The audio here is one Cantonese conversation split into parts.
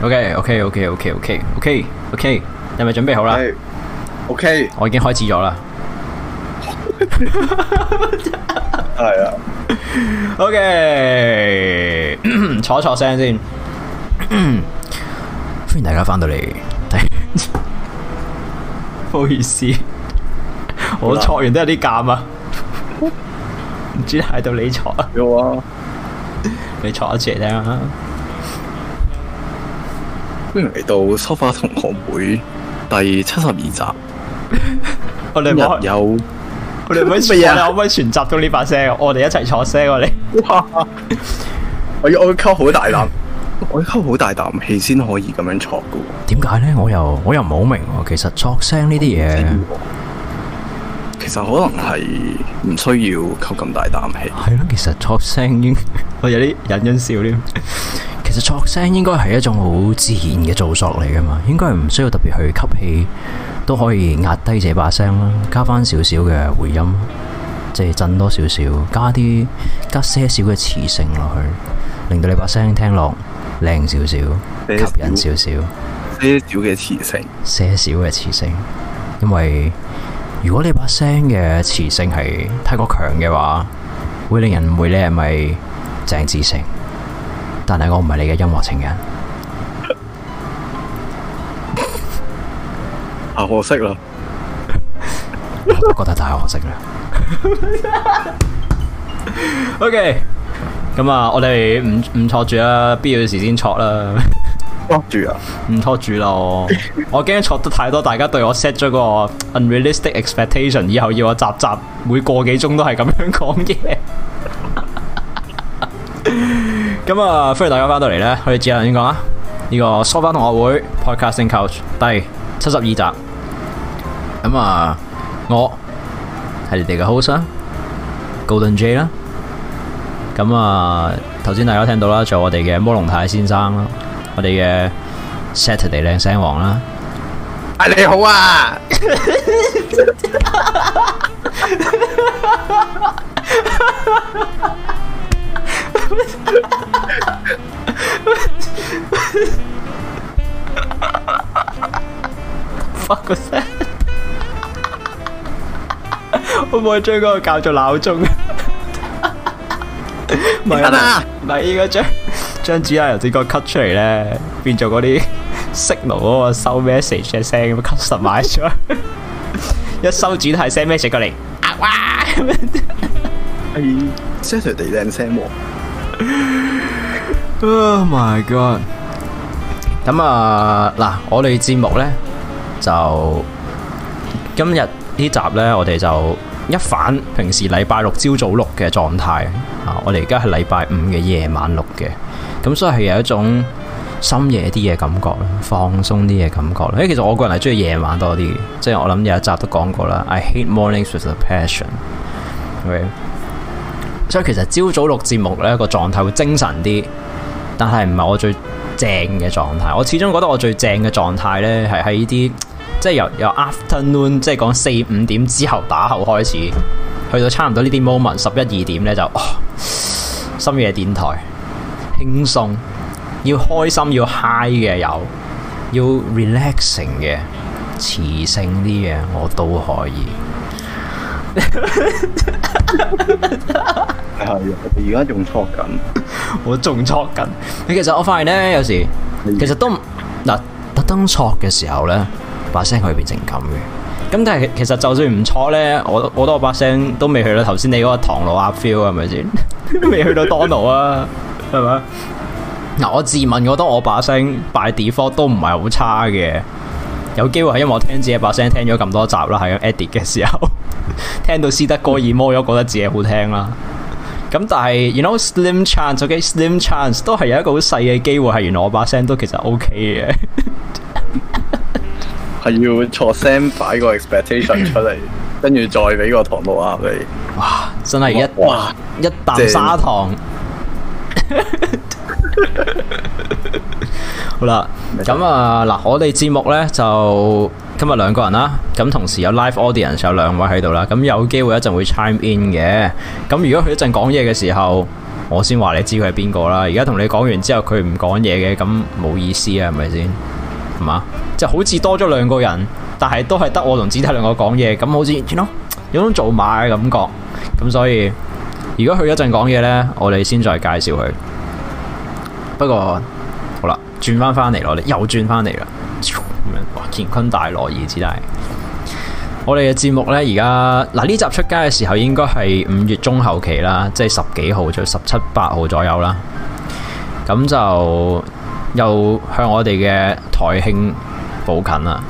O K O K O K O K O K O K，你咪準備好啦？O K，我已經開始咗啦。係啊，O K，坐一坐聲先。歡迎大家翻到嚟，唔好意思，我坐完都有啲尷啊，唔知喺度你坐啊，你坐一次嚟聽啦。歡迎嚟到《沙發同學會》第七十二集。 我哋有，我哋可以傳集到呢把聲。我哋一齊作聲，我哋、啊、哇！我要 我要吸好大啖，我要吸好大啖氣先可以咁樣作噶。點解咧？我又我又唔好明、啊。其實作聲呢啲嘢，其實可能係唔需要吸咁大啖氣。係咯，其實作聲我有啲陰陰笑添。其實作聲應該係一種好自然嘅造作嚟噶嘛，應該唔需要特別去吸氣，都可以壓低這把聲啦，加翻少少嘅回音，即係震多少少，加啲加些少嘅磁性落去，令到你把聲聽落靚少少，吸引一些少少。啲少嘅磁性，些少嘅磁性。因為如果你把聲嘅磁性係太過強嘅話，會令人誤會你係咪鄭志成。是。但係我唔係你嘅音樂情人，啊可惜啦，我覺得太可惜啦、 okay。OK，咁啊，我哋唔唔錯住啦，必要嘅時先錯啦。錯住啊，唔錯住咯，我驚錯得太多，大家對我 set 咗個 unrealistic expectation，以後要我集集每個幾鐘都係咁樣講嘢。咁啊，歡迎大家翻到嚟咧，我哋接下先講啊，呢、這個蘇班同學會 Podcasting Couch 第七十二集。咁啊，我係你哋嘅 host 啦，Golden Jay 啦。咁啊，頭先大家聽到啦，仲有我哋嘅摩龍太先生啦，我哋嘅 Saturday 靚聲王啦。啊，你好啊！ fuck what that？可唔可以將嗰個校做鬧鐘？唔係啊，唔係依個張張紙啊，由呢個 cut 出嚟咧，變做嗰啲 signal 嗰個收 message 嘅聲，咁 cut 實埋咗，一收主題 send message 過嚟，啊哇！阿姨 send 嚟靚聲喎。 Oh my god！咁啊，嗱、啊，我哋節目呢，就今日呢集呢，我哋就一反平時禮拜六朝早錄嘅狀態啊！我哋而家係禮拜五嘅夜晚錄嘅，咁所以係有一種深夜啲嘅感覺，放鬆啲嘅感覺。其實我個人係中意夜晚多啲嘅，即、就、係、是、我諗有一集都講過啦，I hate mornings with a passion，okay? 所以其實朝早錄節目呢個狀態會精神啲，但係唔係我最正嘅狀態。我始終覺得我最正嘅狀態呢係喺呢啲即係由 afternoon 即係講四五點之後打後開始，去到差唔多呢啲 moment 十一二點呢，就、哦、深夜電台輕鬆要開心要 high 嘅有要 relaxing 嘅磁性啲嘢，我都可以。係 啊，而家仲錯緊，我仲錯緊。你其實我發現咧，有時其實都嗱特登錯嘅時候咧，把聲可以變成咁嘅。咁但係其實就算唔錯咧，我我覺得我把聲都未去到頭先你嗰個唐老鴨 feel 係咪先？未去到 Donald 啊，係咪？嗱，我自問我覺得我把聲 by default 都唔係好差嘅。有機會係因為我聽自己把聲聽咗咁多集啦，係咁 edit 嘅時候，聽到斯德哥爾摩咗，覺得自己好聽啦。咁但係，You know Slim Chance 嘅、okay? Slim Chance 都係有一個好細嘅機會，係原來我把聲都其實 OK 嘅。係 要錯聲擺個 expectation 出嚟，跟住再俾個糖露鴨、啊、你。哇！真係一哇，哇一啖砂糖。 好啦，咁啊，嗱，我哋節目呢，就今日兩個人啦，咁同時有 live audience 有兩位喺度啦，咁有機會一陣會 chime in 嘅，咁如果佢一陣講嘢嘅時候，我先話你知佢係邊個啦。而家同你講完之後，佢唔講嘢嘅，咁冇意思啊，係咪先？係嘛，即係好似多咗兩個人，但係都係得我同子泰兩個講嘢，咁好似點啊，you know, 有種做馬嘅感覺，咁所以如果佢一陣講嘢呢，我哋先再介紹佢。不過好啦，轉返返嚟，我哋又轉返嚟啦，乾坤大挪移之大。我哋嘅節目呢，而家嗱，呢集出街嘅時候應該係五月中後期啦，即係十幾號就十七八號左右啦。咁就又向我哋嘅台慶走近啦。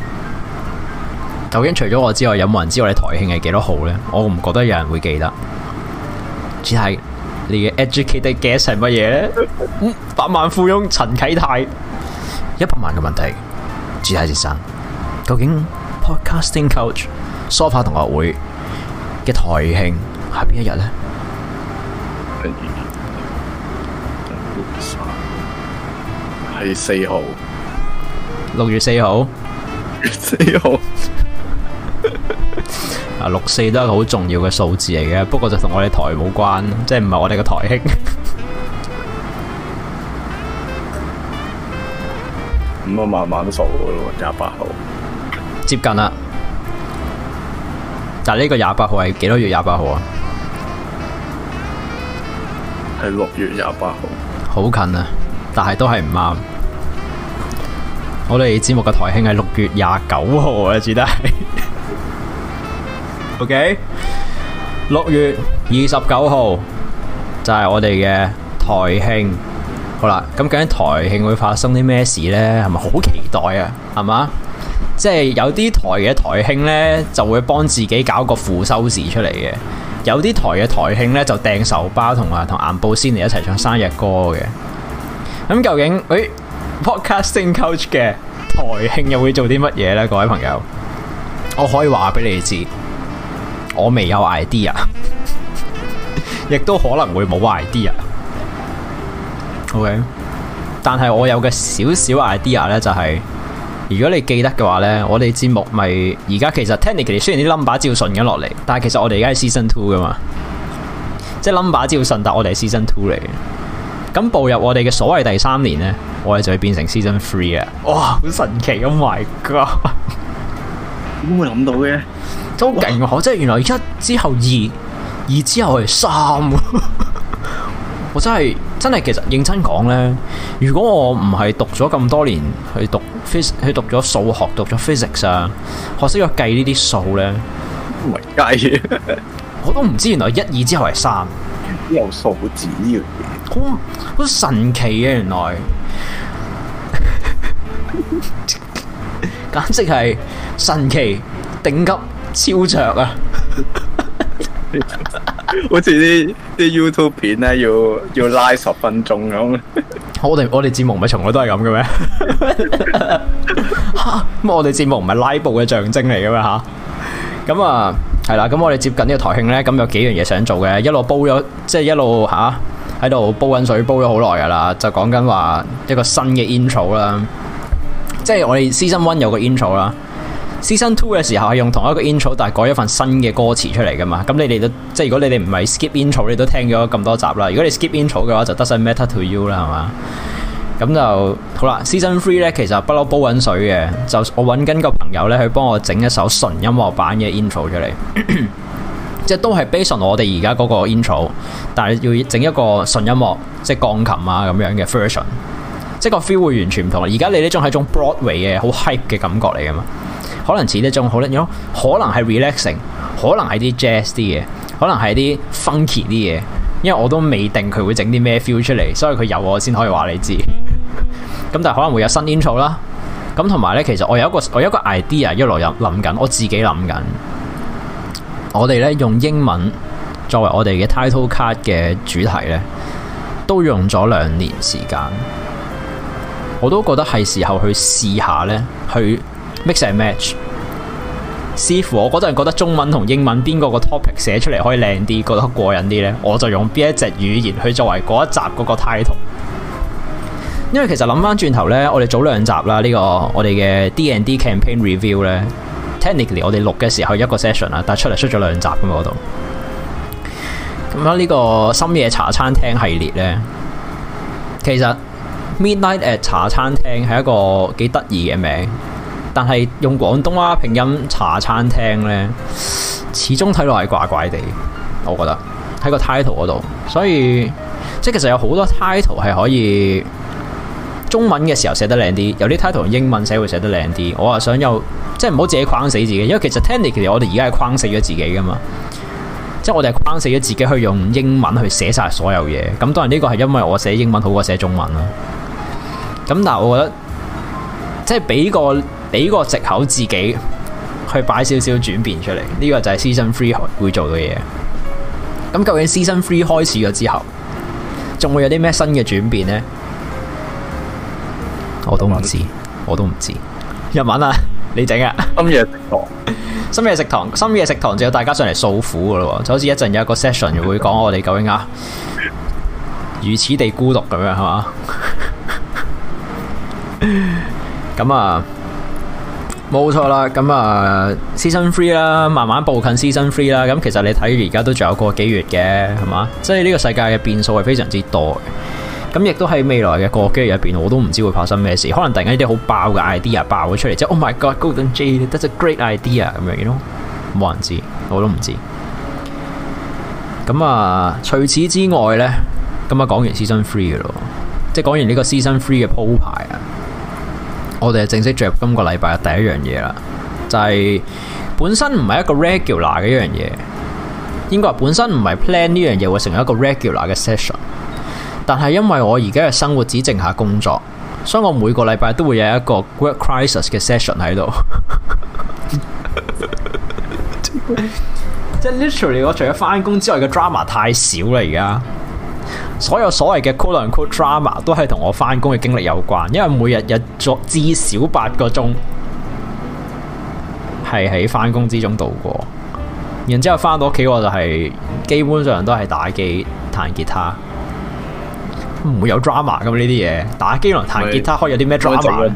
究竟除咗我之外，有冇人知我哋台慶係幾多號呢？我唔覺得有人會記得，只係。你嘅 educated guess 係乜嘢咧？嗯，百萬富翁陳啟泰一百萬嘅問題，朱太先生，究竟 podcasting couch sofa 同學會嘅台慶係邊一日咧？六月三係四號，六月四號，四號。啊，六四都係好重要嘅數字嚟嘅，不過就同我哋台冇關，即係唔係我哋個台兄。咁啊，慢慢數咯，廿八號接近啦。但係呢個廿八號係幾多月廿八號啊？係六月廿八號。好近啊，但係都係唔啱。我哋節目嘅台兄係六月廿九號啊，記得。OK，六月二十九號就係、是、我哋嘅台慶，好啦。咁究竟台慶會發生啲咩事呢？係咪好期待啊？係嘛？即係有啲台嘅台慶呢，就會幫自己搞個副修視出嚟嘅；有啲台嘅台慶呢，就訂壽包同啊同銀布先嚟一齊唱生日歌嘅。咁究竟誒、哎、Podcasting Coach 嘅台慶又會做啲乜嘢呢？各位朋友，我可以話俾你知。我未有 idea，亦都可能會冇 idea。OK，但係我有嘅少少 idea 咧，就係如果你記得嘅話咧，我哋節目咪而家其實 technically 雖然啲 number 照順咗落嚟，但係其實我哋而家係 season two 噶嘛，即係 number 照順，但係我哋係 season two 嚟嘅。咁步入我哋嘅所謂第三年咧，我哋就會變成 season three 啊！哇，好神奇咁、oh、！My God，點會諗到嘅。都好勁，即係原來一之後二，二之後係三。我真係真係，其實認真講咧，如果我唔係讀咗咁多年去讀 phys 去讀咗數學，讀咗 physics 啊，學識咗計呢啲數咧，唔、oh、係我都唔知原來一、二之後係三，有數字呢樣嘢，好好神奇嘅。原來簡直係神奇頂級。超長啊， 啊！好似啲啲 YouTube 片咧，要要拉十分鐘咁。我哋我哋節目咪從來都係咁嘅咩？我哋節目唔係拉布嘅象徵嚟嘅咩？吓、就是，咁啊，係啦，咁我哋接近呢個台慶咧，咁有幾樣嘢想做嘅，一路煲咗，即係一路吓喺度煲緊水，煲咗好耐噶啦，就講緊話一個新嘅 intro 啦，即、就、係、是、我哋 Season One 有個 intro 啦。Season Two 嘅時候係用同一個 intro，但係改一份新嘅歌詞出嚟噶嘛？咁你哋都即係如果你哋唔係 skip intro，你都聽咗咁多集啦。如果你 skip intro 嘅話，就得晒 matter to you 啦，係嘛？咁就好啦。Season Three 咧，其實不嬲煲緊水嘅，就我揾緊個朋友咧去幫我整一首純音樂版嘅 intro 出嚟， 即係都係 based on 我哋而家嗰個 intro，但係要整一個純音樂，即係鋼琴啊咁樣嘅 version，即係個 feel 會完全唔同。而家你呢種係種 Broadway 嘅好 hype 嘅感覺嚟噶嘛？可能似啲仲好呢，可能係 relaxing，可能係啲 jazz 啲嘢，可能係啲 funky 啲嘢。因為我都未定佢會整啲咩 feel 出嚟，所以佢有我先可以話你知。咁 但係可能會有新 intro 啦。咁同埋呢，其實我有一個我有一個 idea，一路有諗緊，我自己諗緊。我哋呢用英文作為我哋嘅 title card 嘅主題呢，都用咗兩年時間。我都覺得係時候去試一下呢。去。Mix and match，似乎我嗰陣覺得中文同英文邊個個 topic 寫出嚟可以靚啲，覺得過癮啲呢。我就用邊一隻語言去作為嗰一集嗰個 title。因為其實諗翻轉頭呢，我哋早兩集啦，呢個我哋嘅 D and D campaign review 呢 technically 我哋錄嘅時候一個 session 啦，但係出嚟出咗兩集咁嗰度。咁啊呢個深夜茶餐廳系列呢，其實 Midnight at 茶餐廳係一個幾得意嘅名。但係用廣東話拼音茶餐廳呢，始終睇落係怪怪地，我覺得喺個 title 嗰度。所以即係其實有好多 title 係可以中文嘅時候寫得靚啲，有啲 title 用英文寫會寫得靚啲。我又想有即係唔好自己框死自己，因為其實 technically 其實我哋而家係框死咗自己噶嘛。即係我哋係框死咗自己去用英文去寫晒所有嘢。咁當然呢個係因為我寫英文好過寫中文啦。咁但係我覺得即係俾個。俾個借口自己去擺少少轉變出嚟，呢、這個就係 Season Three 會做到嘅嘢。咁究竟 Season Three 開始咗之後，仲會有啲咩新嘅轉變呢？我都唔知，我都唔知。日文啊，你整啊！深夜食堂， 深夜食堂，深夜食堂就有大家上嚟訴苦噶啦，就好似一陣有一個 session 會講我哋究竟啊如此地孤獨咁樣係嘛？咁 啊～冇錯啦，咁啊，season three 啦，慢慢步近 season three 啦，咁其實你睇住而家都仲有個幾月嘅，係嘛？即係呢個世界嘅變數係非常之多嘅，咁亦都喺未來嘅個幾月入邊，我都唔知會發生咩事，可能突然間一啲好爆嘅 idea 爆咗出嚟，即係 Oh my God，Golden Jay，that's a great idea 咁樣嘅咯，冇人知，我都唔知。咁啊，除此之外呢，咁啊，講完 season three 咯，即係講完呢個 season three 嘅鋪排啊。我哋係正式進入今個禮拜嘅第一樣嘢啦，就係、是、本身唔係一個 regular 嘅一樣嘢，應該話本身唔係 plan 呢樣嘢會成為一個 regular 嘅 session，但係因為我而家嘅生活只剩下工作，所以我每個禮拜都會有一個 great crisis 嘅 session 喺度，即 係 literally 我除咗返工之外嘅 drama 太少啦而家。所有所謂嘅 quote unquote drama 都係同我翻工嘅經歷有關，因為每日日作至少八個鐘，係喺翻工之中度過。然之後翻到屋企我就係基本上都係打機彈吉他，唔會有 drama 咁呢啲嘢。打機同彈吉他可以有啲咩 drama？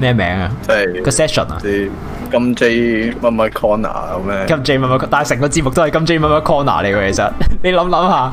咩名字啊？即係個 session 啊？啲金 J 乜乜 Corner 咁樣？金 J 乜乜，但係成個節目都係金 J 乜乜 Corner 嚟嘅。其實你諗諗下。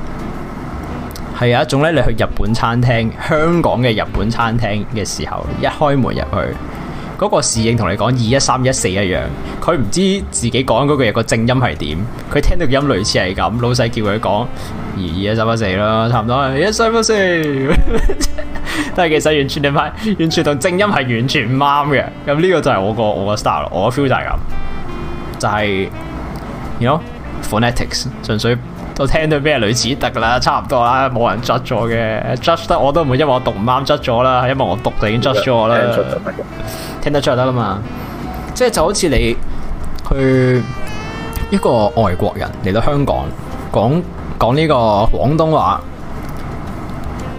係有一種咧，你去日本餐廳，香港嘅日本餐廳嘅時候，一開門入去，嗰個侍應同你講二一三一四一樣，佢唔知自己講嗰句嘢個正音係點，佢聽到音類似係咁，老細叫佢講二二一三一四咯，yes, 差唔多一三一四，yes, 但係其實完全你係，完全同正音係完全唔啱嘅。咁呢個就係我個我個 style，我個 feel 就係咁，就係、是、you know, phonetics 純粹。我聽到咩類似得噶啦，差唔多啦，冇人 judge 咗嘅 judge 得我都唔 會，因為我讀唔啱 judge 咗啦，因為我讀就已經 judge 咗我啦。 聽得出就 得啦嘛， 即係就好似你去一個外國人嚟到香港講講呢個廣東話，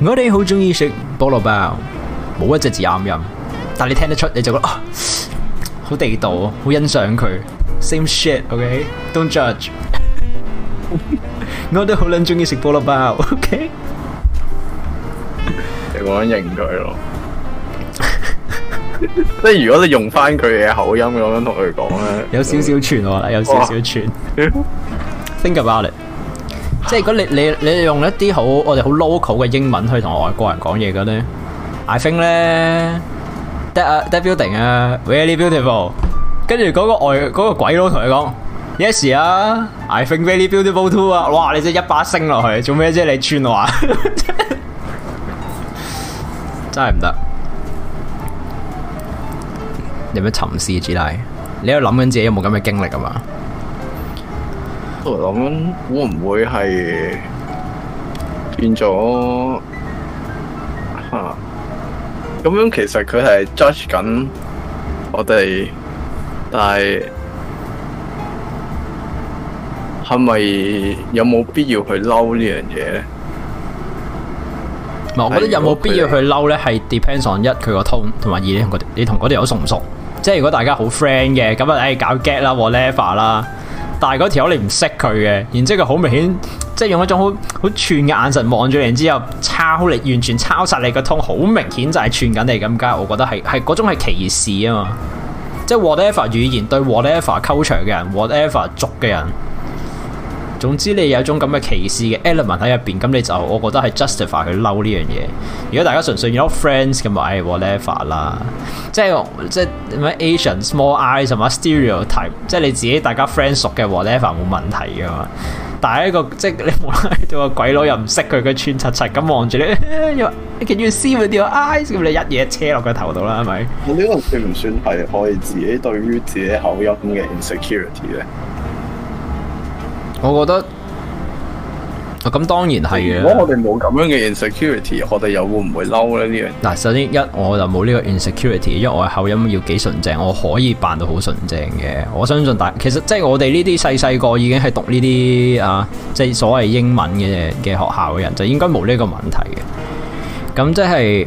我哋好中意食菠蘿包，冇一隻字啱音，但你聽得出你就覺得好、啊、地道，好欣賞佢。Same shit，OK，don't、okay? judge。 我都好撚中意食菠蘿包，OK？你講認佢咯。即係如果你用翻佢嘅口音，我諗同佢講咧，有少少串喎，有少少串。Think about it。即係咁，你你你用一啲好，我哋好 local 嘅英文去同外國人講嘢嘅咧。I think 咧，the the building 啊，really beautiful。跟住嗰個外嗰個鬼佬同佢講。Yes 啊，I think very beautiful too 啊！哇，你真係一把升落去，做咩啫？你串話真係唔得，有咩沉思之例？你喺度諗緊自己有冇咁嘅經歷啊嘛？我諗緊，會唔會係變咗。咁樣其實佢係 judge 緊我哋，但係。係咪有冇必要去嬲呢樣嘢咧？嗱，我覺得有冇必要去嬲咧，係 depends on 一佢個 tone，同埋二你同我哋，你同條友熟唔熟？即係如果大家好 friend 嘅，咁啊，唉，搞 gag 啦 whatever 啦。但係嗰條友你唔識佢嘅，然之後佢好明顯，即係用一種好好串嘅眼神望住你，然之後抄你，完全抄晒你個 tone，好明顯就係串緊你咁解。我覺得係係嗰種係歧視啊嘛，即係 whatever 語言對 whatever 溝場嘅人，whatever 族嘅人。總之你有一種咁嘅歧視嘅 element 喺入邊，咁你就我覺得係 justify 佢嬲呢樣嘢。如果大家純粹有 friends 咁、哎、咪 whatever 啦，即係即係乜 Asian small eyes 什麼 stereotype，即係你自己大家 friend 熟嘅 whatever 冇問題噶嘛。但係一個即係你做個鬼佬又唔識佢，佢穿柒柒咁望住你，又見住 see eyes 咁，你，你一嘢車落佢頭度啦，係咪？呢、這個不算唔算係可以自己對於自己的口音嘅 insecurity 咧？我覺得咁當然係嘅。如果我哋冇咁樣嘅 insecurity，我哋又會唔會嬲呢？呢樣嗱，首先一我就冇呢個 insecurity，因為我嘅口音要幾純正，我可以扮到好純正嘅。我相信大其實即係我哋呢啲細細個已經係讀呢啲啊，即係所謂英文嘅嘅學校嘅人，就應該冇呢個問題嘅。咁即係。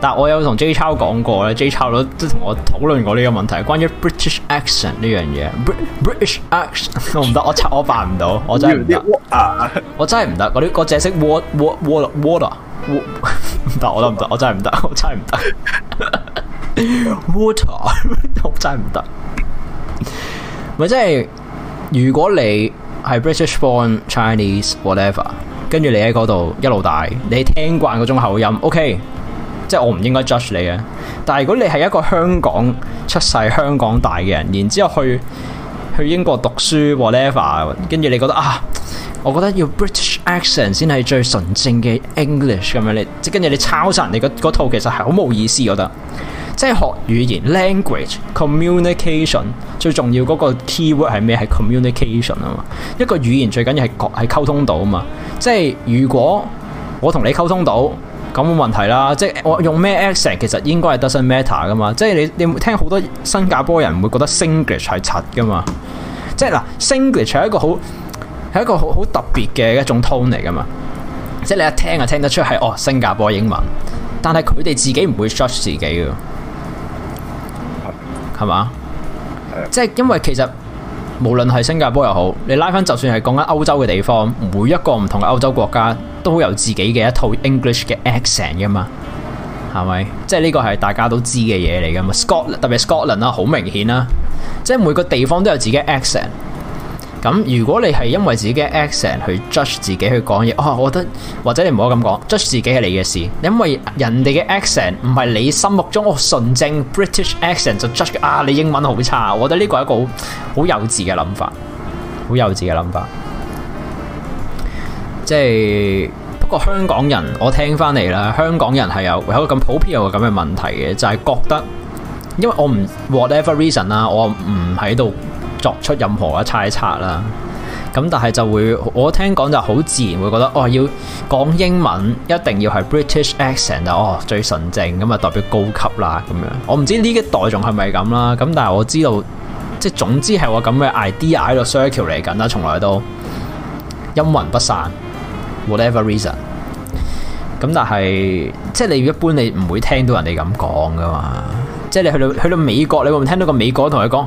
但我有同 J 超講過咧，J 超都同我討論過呢個問題，關於 British accent 呢樣嘢。Br British accent 我唔得，我我扮唔到，我真係唔得。我真係唔得嗰啲，我凈識、那個、water water water water 唔得，我得唔得？我真係唔得，我真係唔得。我我我 water 我真係唔得。咪 即係如果你係 British born Chinese whatever，跟住你喺嗰度一路大，你聽慣嗰種口音，OK。即係我唔應該 judge 你嘅，但係如果你係一個香港出世、香港大嘅人，然之後去去英國讀書 whatever，跟住你覺得啊，我覺得要 British accent 先係最純正嘅 English 咁樣你，即跟住你抄曬人哋嗰套，其實係好冇意思的。覺得即係學語言 language communication 最重要嗰個 keyword 係咩？係 communication 啊嘛，一個語言最緊要係溝係溝通到啊嘛。即如果我同你溝通到。咁冇問題啦，即係我用咩 accent 其實應該係 doesn't matter 噶嘛，即係你你聽好多新加坡人唔會覺得 Singlish 係柒噶嘛，即係嗱 Singlish 係一個好係一個好好特別嘅一種 tone 嚟噶嘛，即係你一聽就聽得出係哦新加坡英文，但係佢哋自己唔會 judge 自己嘅，係嘛？即係因為其實。無論係新加坡又好，你拉翻就算係講緊歐洲嘅地方，每一個唔同嘅歐洲國家都好有自己嘅一套 English 嘅 accent 㗎嘛，係咪？即係呢個係大家都知嘅嘢嚟㗎嘛。Scotland 特別 Scotland 啦，好明顯啦，即係每個地方都有自己 accent。咁如果你係因為自己嘅 accent 去 judge 自己去講嘢，哇、哦！我覺得或者你唔好咁講 judge 自己係你嘅事。你因為人哋嘅 accent 唔係你心目中哦，純正 British accent 就 judge 啊你英文好差，我覺得呢個係一個好幼稚嘅諗法，好幼稚嘅諗法。即係不過香港人，我聽翻嚟啦，香港人係有有咁普遍有個咁嘅問題嘅，就係覺得因為我唔 whatever reason 啦，我唔喺度作出任何嘅猜測啦，咁但係就會我聽講就好自然會覺得哦，要講英文一定要係 British accent 就哦最純正咁啊，代表高級啦咁樣。我唔知呢一代仲係咪咁啦，咁但係我知道即係總之係我咁嘅 idea 喺度 circulate 嚟緊啦，從來都陰魂不散，whatever reason。咁但係即係你一般你唔會聽到人哋咁講噶嘛，即係你去到去到美國，你會唔會聽到個美國同佢講？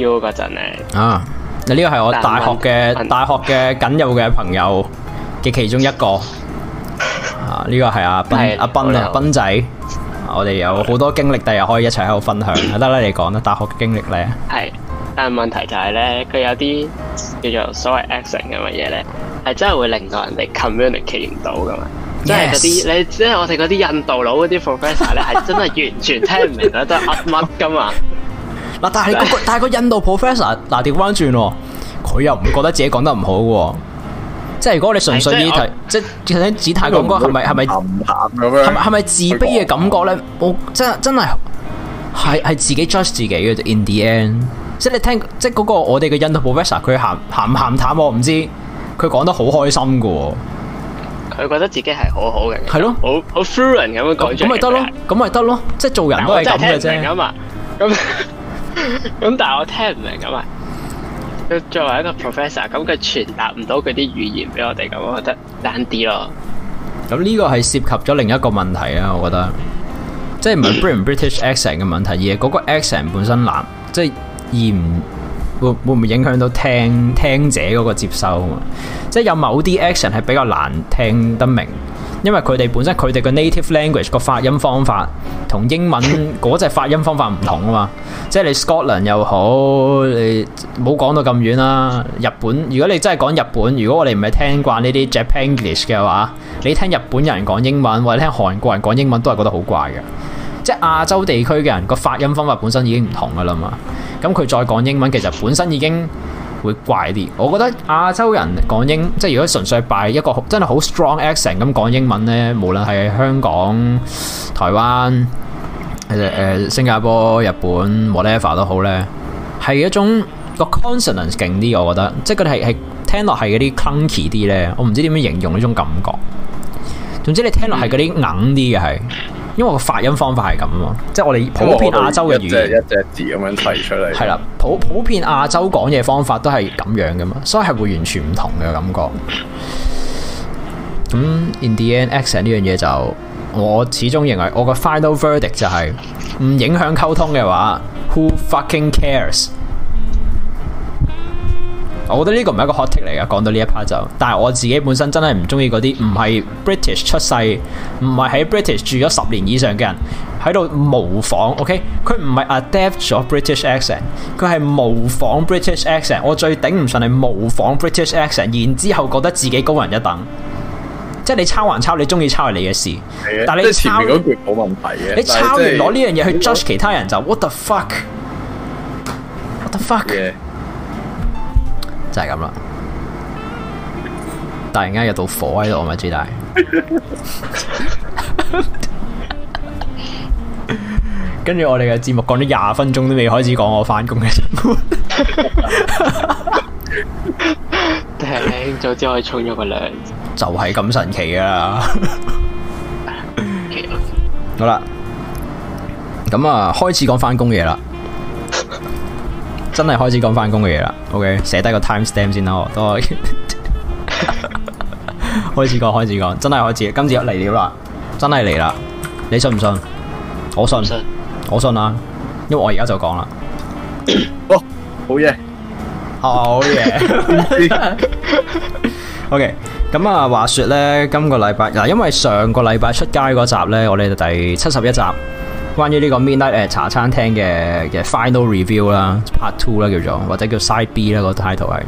要嗰陣咧啊！嗱，呢個係我大學嘅大學嘅僅有嘅朋友嘅其中一個。 啊，呢個係阿斌，嗯、阿斌啊，斌仔。我哋有好多經歷，第日可以一齊喺度分享，得啦，你講啦，大學嘅經歷咧。係，但係問題就係、是、咧，佢有啲叫做所謂 accent 咁嘅嘢咧，係真係會令到人哋 communicate 唔到噶嘛，yes. 即係嗰啲，你即係我哋嗰啲印度佬嗰啲 professor 咧，係 真係完全聽唔明， 都係噏乜噶嘛。 嗱、那個，但係個但係個印度 professor，嗱，調翻轉，佢又唔覺得自己講得唔好嘅，即、就、係、是、如果你純粹啲睇，即係其實你只睇感覺係咪係咪鹹淡嘅咩？係咪係咪自卑嘅感覺咧？我真真係係係自己 judge 自己嘅。In the end，即係你聽，即係嗰個我哋嘅印度 professor，佢鹹鹹唔鹹淡我唔知，佢講得好開心嘅。佢覺得自己係好好嘅，係咯，好好 human 咁樣講咁咪得咯，咁咪得咯，即係、就是、做人都係咁嘅啫。咁 咁 但係我聽唔明咁啊！作為一個 professor，咁佢傳達唔到佢啲語言俾我哋咁，我覺得難啲咯。咁呢個係涉及咗另一個問題啊。我覺得即係唔係 British accent 嘅問題，而係嗰個 accent 本身難，即係而唔會會唔會影響到聽聽者嗰個接收啊！即係有某啲 accent 係比較難聽得明。因為佢哋本身佢哋嘅 native language 個發音方法同英文嗰隻發音方法唔同啊嘛，即係你 Scotland 又好，你冇講到咁遠啦、啊。日本，如果你真係講日本，如果我哋唔係聽慣呢啲 Japanese 嘅話，你聽日本人講英文或者聽韓國人講英文都係覺得好怪嘅。即係亞洲地區嘅人個發音方法本身已經唔同㗎喇嘛，咁佢再講英文其實本身已經。會怪啲，我覺得亞洲人講英，即係如果純粹拜一個好真係好 strong accent 咁講英文呢，無論係香港、台灣、誒誒新加坡、日本 whatever 都好呢，係一種、個 consonance 勁啲，我覺得，即係佢哋係係聽落係嗰啲 clunky 啲呢，我唔知點樣形容呢種感覺。總之你聽落係嗰啲硬啲嘅係。因為個發音方法係咁啊，即係我哋普遍亞洲嘅語言，一隻一隻字咁樣提出嚟。係啦，普普遍亞洲講嘢方法都係咁樣噶嘛，所以係會完全唔同嘅感覺。咁 Indian accent 呢樣嘢就，我始終認為我個 final verdict 就係、是，唔影響溝通嘅話，who fucking cares？我覺得呢個唔係一個 hot take 嚟噶，講到呢一 part 就，但係我自己本身真係唔中意嗰啲唔係 British 出世，唔係喺 British 住咗十年以上嘅人喺度模仿，OK？佢唔係 adapt 咗 British accent，佢係模仿 British accent。我最頂唔順係模仿 British accent，然之後覺得自己高人一等。即係你抄還抄，你中意抄係你嘅事。但係你抄前面嗰句冇問題嘅。你抄完攞呢樣嘢去 judge 其他人就 what the fuck？what the fuck？Yeah. 就係咁啦，突然間入到火喺度， 我咪最大。跟住我哋嘅節目講咗廿分鐘都未開始講我返工嘅，靚早知我沖咗個涼。就係咁神奇噶啦， 好啦，咁啊開始講返工嘅嘢啦。真係開始講返工嘅嘢啦，OK，寫低個 time stamp 先啦，我都可以 開始講，開始講，真係開始，今次又嚟料啦，真係嚟啦，你信唔信？我信唔信？我信啦，因為我而家就講啦。哦，好嘢，好 嘢 ，OK。咁啊，話說呢，今個禮拜嗱，因為上個禮拜出街嗰集呢，我哋就第七十一集。關於呢個 Midnight 茶餐廳嘅嘅 Final Review 啦，Part Two 啦，叫做，或者叫 Side B 啦個 title 係，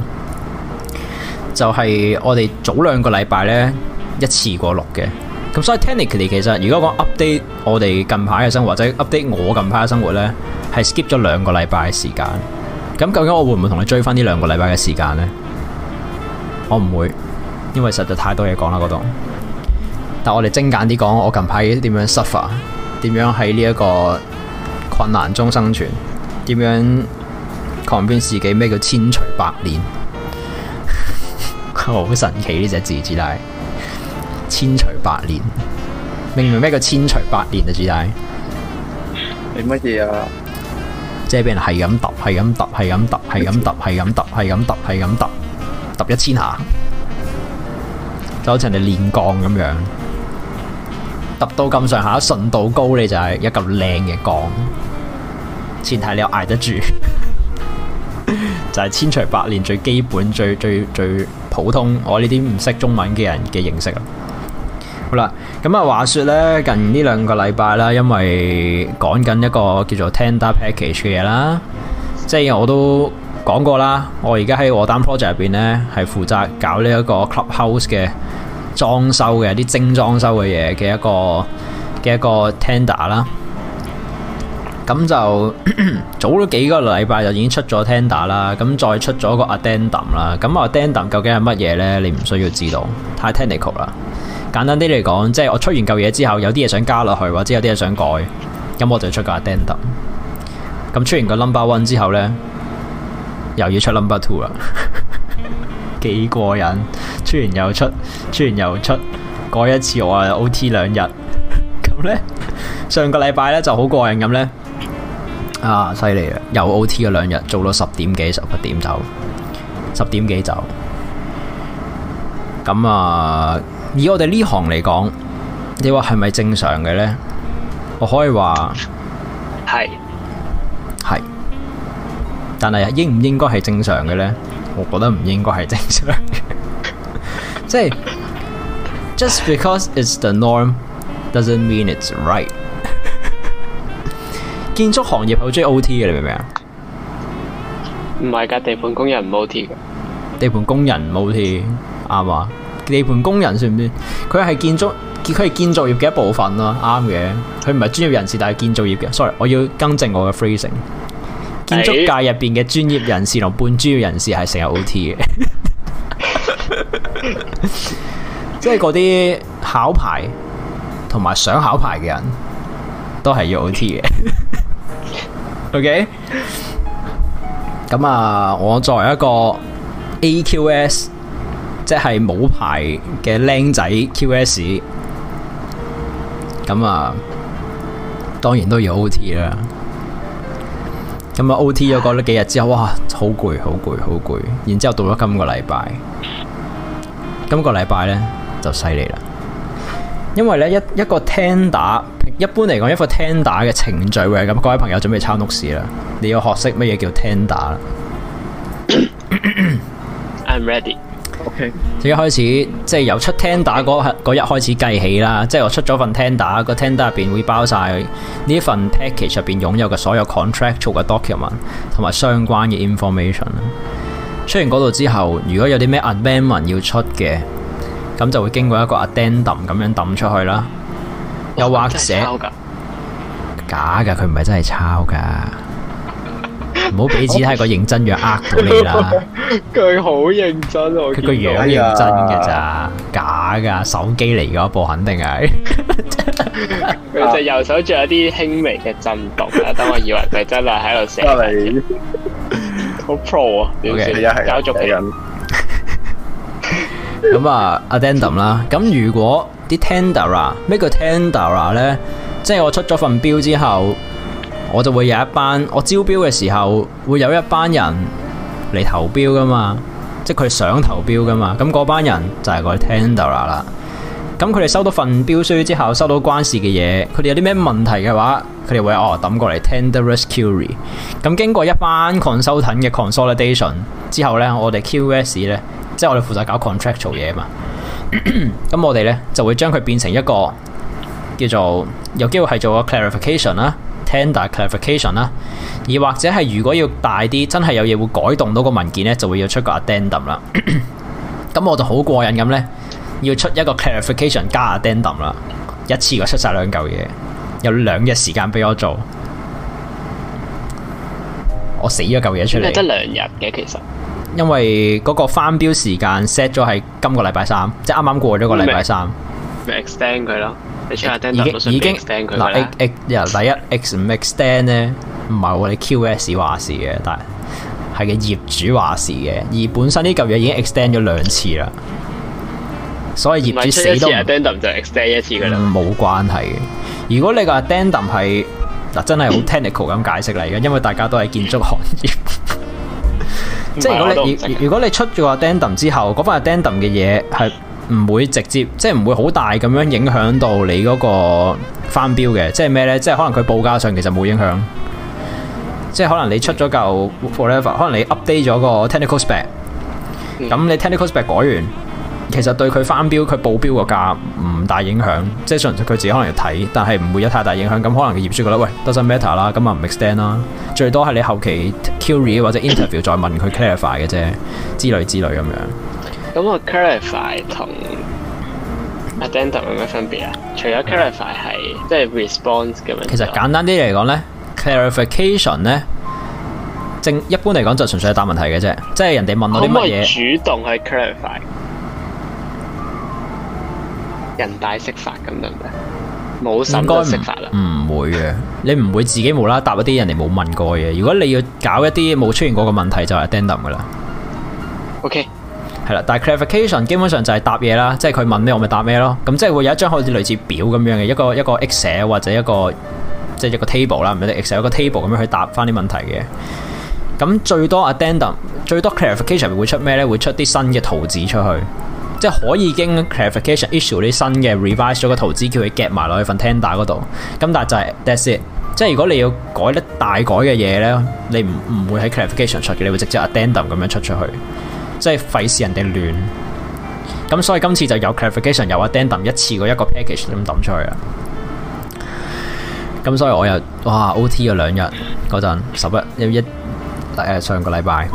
就係、是、我哋早兩個禮拜呢一次過錄嘅。咁所以 Technically 其實如果講 update 我哋近排嘅生活，或者 update 我近排嘅生活呢，係 skip 咗兩個禮拜嘅時間。咁究竟我會唔會同你追翻呢兩個禮拜嘅時間呢？我唔會，因為實在太多嘢講啦嗰度。但我哋精簡啲講，我近排點樣 suffer？點樣喺呢一個困難中生存？點樣抗變自己？咩叫千錘百煉？ 好神奇呢隻字字帶，千錘百煉，明明咩叫千錘百煉啊？字帶你乜嘢啊？即係俾人係咁揼，係咁揼，係咁揼，係咁揼，係咁揼，係咁揼，係咁揼，揼一千下，就好似人哋練鋼咁樣。到咁上下，純度高你就係一嚿靚嘅鋼，前提你又捱得住， 就係千錘百煉最基本、最最最普通。我呢啲唔識中文嘅人嘅認識啦。好啦，咁啊話說呢，近呢兩個禮拜啦，因為講緊一個叫做 Tender Package 嘅嘢啦，即係我都講過啦。我而家喺我單 project 入面呢，係負責搞呢一個 Clubhouse 嘅。裝修嘅啲精裝修嘅嘢嘅一個嘅一個 tender 啦，咁就 早咗幾個禮拜就已經出咗 tender 啦，咁再出咗個 addendum 啦，咁啊 addendum 究竟係乜嘢呢？你唔需要知道，太 technical 啦。簡單啲嚟講，即係我出完嚿嘢之後，有啲嘢想加落去，或者有啲嘢想改，咁我就出個 addendum。咁出完個 number one 之後呢，又要出 number two 啦。 幾過癮，出完又出，出完又出，嗰一次我係 O T 兩日，咁呢？上個禮拜呢就好過癮咁呢？啊犀利啦，又 O T 咗兩日，做到十點幾，十一點走，十點幾走，咁啊以我哋呢行嚟講，你話係咪正常嘅呢？我可以話係係，但係應唔應該係正常嘅呢？我覺得唔應該係正常嘅、 就是。即係，just because it's the norm doesn't mean it's right。 建築行業好中意 OT 嘅，你明唔明啊？唔係噶，地盤工人唔 OT 嘅。地盤工人唔 OT，啱嘛？地盤工人算唔算？佢係建築，佢係建造業嘅一部分咯，啱嘅。佢唔係專業人士，但係建造業嘅。Sorry，我要更正我嘅 phrasing。建築界入邊嘅專業人士同半專業人士係成日 O T 嘅，即係嗰啲考牌同埋想考牌嘅人都係要 O T 嘅。 OK，咁啊，我作為一個 A Q S，即係冇牌嘅靚仔 Q S，咁啊，當然都要 O T 啦。咁啊，O T 咗過咗幾日之後，哇，好攰，好攰，好攰。然之後到咗今個禮拜，今、今個禮拜呢，就犀利啦。因為呢一一個聽打，一般嚟講一個聽打嘅程序會係，咁各位朋友準備抄屋市啦。你要學識乜嘢叫聽打啦。 I'm ready。Okay. 即係一開始，即係由出 Tender 嗰日嗰開始計起啦。Okay. 即係我出咗份 Tender 個 Tender 入邊會包晒呢一份 package 入邊擁有嘅所有 contractual document，同埋相關嘅 information。出完嗰度之後，如果有啲咩 amendment 要出嘅，咁就會經過一個 addendum 咁樣抌出去啦。又或者，的的假噶，佢唔係真係抄噶。唔好俾錢係個認真樣呃到你啦，佢好認真，我見佢個樣認真嘅咋，假噶，手機嚟嘅一部肯定係。佢隻右手仲有啲輕微嘅震動啦， 等我以為佢真係喺度寫。好 pro 啊，點算，okay. 啊，交足人。咁啊，Addendum 啦，咁如果啲 Tenderer，咩、啊、叫 Tenderer 咧、啊？即係我出咗份標之後。我就會有一班我招標嘅時候會有一班人嚟投標噶嘛，即係佢哋想投標噶嘛。咁嗰班人就係個 tender 啦。咁佢哋收到份標書之後，收到關事嘅嘢，佢哋有啲咩問題嘅話，佢哋會哦抌過嚟 tenderer's query。咁經過一班 consultant 嘅 consolidation 之後呢，我哋 QS 呢，即係我哋負責搞 contractual 嘢嘛。咁我哋呢，就會將佢變成一個叫做有機會係做個 clarification 啦。Tender、clarification 啦，而或者係如果要大啲，真係有嘢會改動到個文件咧，就會要出個 addendum 啦。咁 我就好過癮咁咧，要出一個 clarification 加 addendum 啦，一次過出晒兩嚿嘢，有兩日時間俾我做，我死咗嚿嘢出嚟。得兩日嘅其實，因為嗰個翻標時間 set 咗係今個禮拜三，即係啱啱過咗個禮拜三，就 extend 佢、嗯、咯。已經已經嗱、啊啊啊啊啊、第一 X 五 extend 咧、啊，唔係我哋 QS 話事嘅，但係嘅業主話事嘅，而本身呢嚿嘢已經 extend 咗兩次啦。所以業主死都係 extend 就 extend 一次了、嗯，佢冇關係嘅。如果你個 addendum 係嗱、啊，真係好 technical 咁解釋嚟嘅，因為大家都係建築行業。 即係如果你如果你，如果你出咗個 addendum 之後，嗰份係 addendum 嘅嘢係。唔會直接即係唔會好大咁樣影響到你嗰個翻標嘅，即係咩呢？即係可能佢報價上其實冇影響，即係可能你出咗嚿 whatever，可能你 update 咗個 technical spec，咁你 technical spec 改完，其實對佢翻標佢報標個價唔大影響，即係純粹佢自己可能要睇，但係唔會有太大影響。咁可能業主覺得喂，doesn't matter 啦，咁啊唔 extend 啦，最多係你後期 query 或者 interview 再問佢 clarify 嘅啫，之類之類咁樣。咁我 clarify 同 addendum 有咩分別啊？除咗 clarify 係、嗯、即係 response 咁樣。其實簡單啲嚟講呢 clarification 呢，正一般嚟講就純粹係答問題嘅啫。即係人哋問我啲乜嘢。可可主動去 clarify。人大釋法咁樣嘅，冇審就釋法啦。唔會嘅， 你唔會自己無啦答一啲人哋冇問過嘅嘢。如果你要搞一啲冇出現過嘅問題，就係 addendum 噶啦。OK。係啦，但係 clarification 基本上就係答嘢啦，即係佢問咩我咪答咩咯。咁即係會有一張好似類似表咁樣嘅，一個一個 Excel 或者一個即係、就是、一個 table 啦，唔一定 Excel 一個 table 咁樣去答翻啲問題嘅。咁最多 addendum 最多 clarification 會出咩咧？會出啲新嘅圖紙出去，即係可以經 clarification issue 啲新嘅 revise 咗個圖紙，叫佢夾埋落去份 tender 嗰度。咁但係就係、是、that's it。即係如果你要改得大改嘅嘢咧，你唔唔會喺 clarification 出嘅，你會直接 addendum 咁樣出出去。即係費事人哋亂，咁所以今次就有 clarification，有 addendum 一次過一個 package 咁抌出去啊，咁所以我又哇 OT 咗兩日嗰陣十一一一誒上個禮拜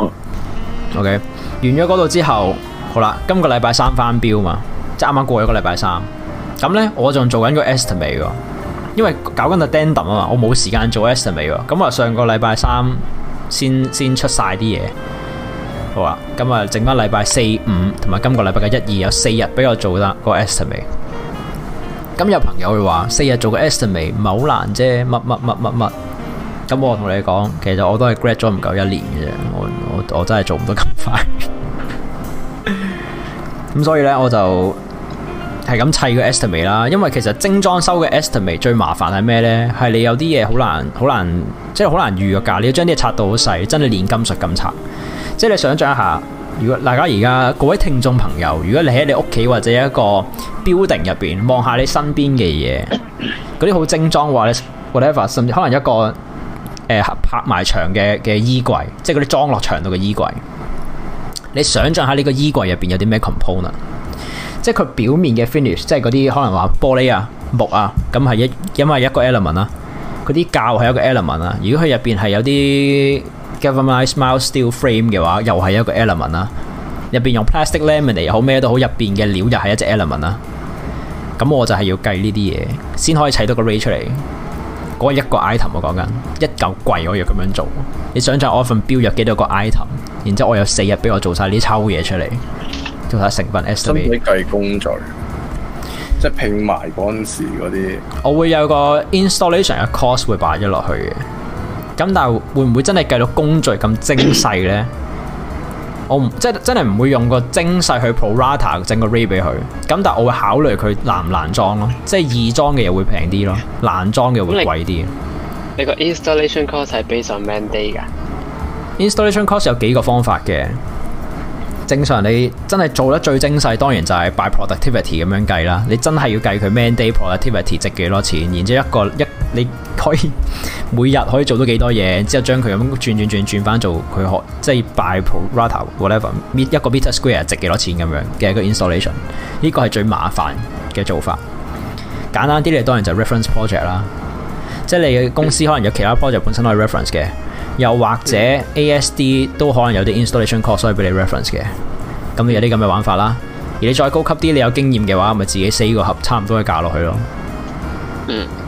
，OK 完咗嗰度之後，好啦，今個禮拜三翻標嘛，即係啱啱過咗個禮拜三，咁呢，我仲做緊個 estimate 喎，因為搞緊個 addendum 啊嘛，我冇時間做 estimate 喎，咁啊上個禮拜三先先出晒啲嘢。好啦，咁啊，剩翻禮拜四五同埋今個禮拜嘅一二有四日俾我做啦，個 estimate。咁有朋友會話四日做個 estimate 唔係好難啫，乜乜乜乜乜。咁我同你講，其實我都係 grad 咗唔夠一年嘅啫，我我，我真係做唔到咁快。咁 所以呢，我就係咁砌個 estimate 啦。因為其實精裝修嘅 estimate 最麻煩係咩呢？係你有啲嘢好難好難，即係好難預個價。你要將啲嘢拆到好細，真係煉金術咁拆。即係你想象一下，如果大家而家各位聽眾朋友，如果你喺你屋企或者一個 building 入邊望下你身邊嘅嘢，嗰啲好精裝嘅話咧，whatever，甚至可能一個誒、呃、拍埋牆嘅嘅衣櫃，即係嗰啲裝落牆度嘅衣櫃，你想象下呢個衣櫃入邊有啲咩 component？即係佢表面嘅 finish，即係嗰啲可能話玻璃啊、木啊，咁係一因為一個 element 啊，嗰啲膠係一個 element 啊。如果佢入邊係有啲 g o v e r n m e n t smile steel frame 嘅話，又係一個 element 啦。入邊用 plastic laminate 又好咩都好，入邊嘅料又係一隻 element 啦。咁我就係要計呢啲嘢，先可以砌到個 rate 出嚟。嗰一個 item 我講緊，一嚿櫃我要咁樣做。你想象我份 bill 有幾多個 item，然之後我有四日俾我做晒呢啲抄嘢出嚟，做晒成分 estimate。計工序？即係拼埋嗰陣時嗰啲。我會有個 installation 嘅 cost 會擺咗落去嘅。咁但係。會唔會真係計到工序咁精細呢？ 我唔，即係真係唔會用個精細去 pro rata 整個 ray 俾佢。咁但係我會考慮佢難唔難裝咯，即係易裝嘅又會平啲咯，難裝嘅會貴啲。你個 installation cost 係 based on man day 噶？installation cost 有幾個方法嘅。正常你真係做得最精細，當然就係 by productivity 咁樣計啦。你真係要計佢 man day productivity 值幾多錢，然之後一個一。你可以每日可以做到幾多嘢，之後將佢咁轉轉轉轉翻做佢學，即係 by pro rata whatever 一個 meter square 值幾多錢咁樣嘅一個 installation。呢個係最麻煩嘅做法。簡單啲你當然就 reference project 啦，即係你嘅公司可能有其他 project 本身可以 reference 嘅，又或者 ASD 都可能有啲 installation cost 可以俾你 reference 嘅。咁你有啲咁嘅玩法啦。而你再高級啲，你有經驗嘅話，咪自己 set 個合差唔多嘅價落去咯。嗯。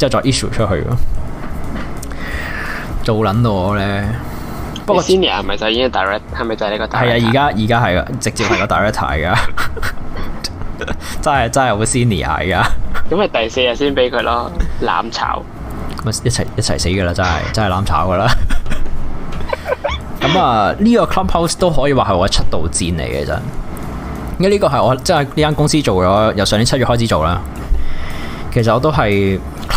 之後再 issue 出去咯，做撚到我咧。不過 senior 咪就已經 direct，係咪就係呢個？係啊，而家而家係噶，直接係個 director 噶， 真係真係好 senior 噶。咁咪第四日先俾佢咯，攬炒。一齊一齊死㗎啦，真係真係攬炒㗎啦。咁 啊，呢、這個 clubhouse 都可以話係我嘅出道戰嚟嘅啫。因為呢個係我即係呢間公司做咗，由上年七月開始做啦。其實我都係。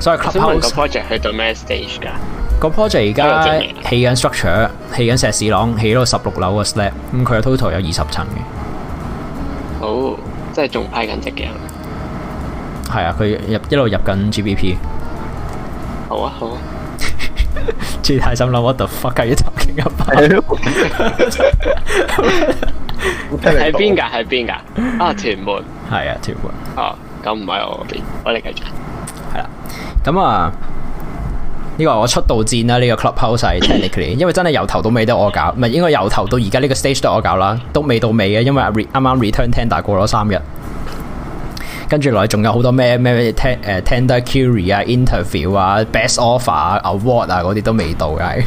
所以，個 project 去到咩 stage 㗎？個 project 而家起緊 structure，起緊石屎廊，起到十六樓嘅 slab 咁佢嘅 total 有二十層嘅。好、oh，即係仲派緊值嘅。係啊，佢入一路入緊 GBP。好啊，好。啊。 心諗，what the fuck 係一 p 喺邊噶？喺邊噶？啊、oh，屯門。係啊，屯門。哦，咁唔係我邊，我哋繼續。咁啊，呢個我出道戰啦，呢個 clubhouse technically，因為真係由頭到尾都我搞，唔係應該由頭到而家呢個 stage 都我搞啦，都未到尾嘅，因為 re 啱啱 return tender 過咗三日，跟住落嚟仲有好多咩咩誒 tender query 啊 interview 啊 best offer 啊 award 啊嗰啲都未到嘅，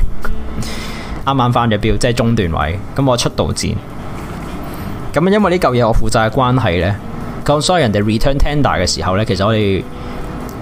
啱啱翻咗表，即係中段位，咁我出道戰，咁因為呢嚿嘢我負責嘅關係呢，咁所以人哋 return tender 嘅時候呢，其實我哋。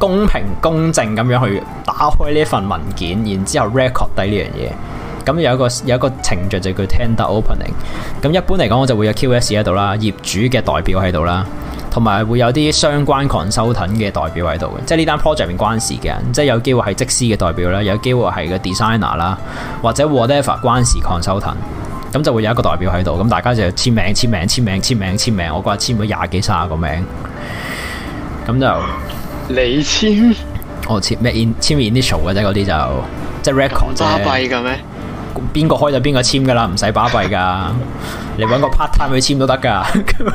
公平公正咁樣去打開呢份文件，然之後 record 低呢樣嘢。咁有一個有一個程序就叫 tender opening。咁一般嚟講，我就會有 QS 喺度啦，業主嘅代表喺度啦，同埋會有啲相關 consultant 嘅代表喺度嘅，即係呢單 project 入面關事嘅，即係有機會係則師嘅代表啦，有機會係個 designer 啦，或者 whatever 關事 consultant。咁就會有一個代表喺度，咁大家就簽名簽名簽名簽名簽名，我估下簽咗廿幾卅個名，咁就。你簽？我簽咩 in？簽 initial 嘅啫，嗰啲就即係 record。巴閉噶咩？邊個開就邊個簽噶啦，唔使巴閉噶。 你搵個 part time 去簽都得噶。 純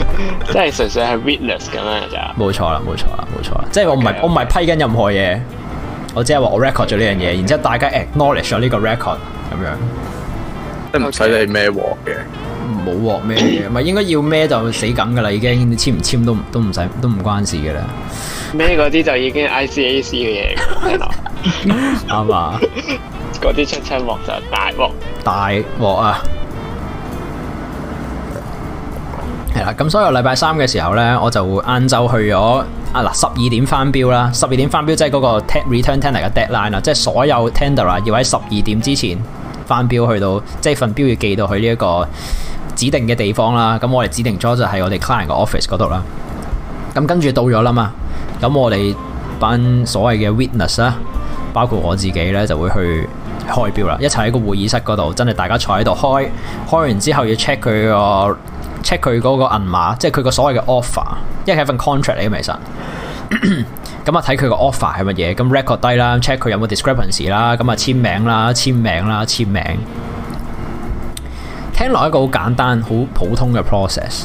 okay, 即係純粹係 witness 咁樣就。冇錯啦，冇錯啦，冇錯啦。即係我唔係我唔係批緊任何嘢。我只係話我 record 咗呢樣嘢，okay, okay. 然之後大家 acknowledge 咗呢個 record 咁樣。唔、okay. 使你孭鑊嘅。冇鑊咩嘢？唔係應該要咩就死梗噶啦，已經簽唔簽都都唔使都唔關事噶啦。咩嗰啲就已經 ICAC 嘅嘢，啱 啊！嗰啲出親鑊就大鑊，大鑊啊！係啦，咁所以禮拜三嘅時候咧，我就晏晝去咗啊嗱，十二點翻標啦，十二點翻標即係嗰個 return tender 嘅 deadline 啦，即係所有 tender 啊要喺十二點之前翻標去到，即係份標要寄到去呢一個。指定嘅地方啦，咁我哋指定咗就係我哋 client 嘅 office 嗰度啦。咁跟住到咗啦嘛，咁我哋班所謂嘅 witness 啦，包括我自己咧，就會去開標啦，一齊喺個會議室嗰度，真係大家坐喺度開，開完之後要 check 佢個 check 佢嗰個銀碼，即係佢個所謂嘅 offer，因為係一份 contract 嚟嘅，其實咁啊，睇佢個 offer 係乜嘢，咁 record 低啦，check 佢有冇 description 啦，咁啊簽名啦，簽名啦，簽名。聽落一個好簡單、好普通嘅 process。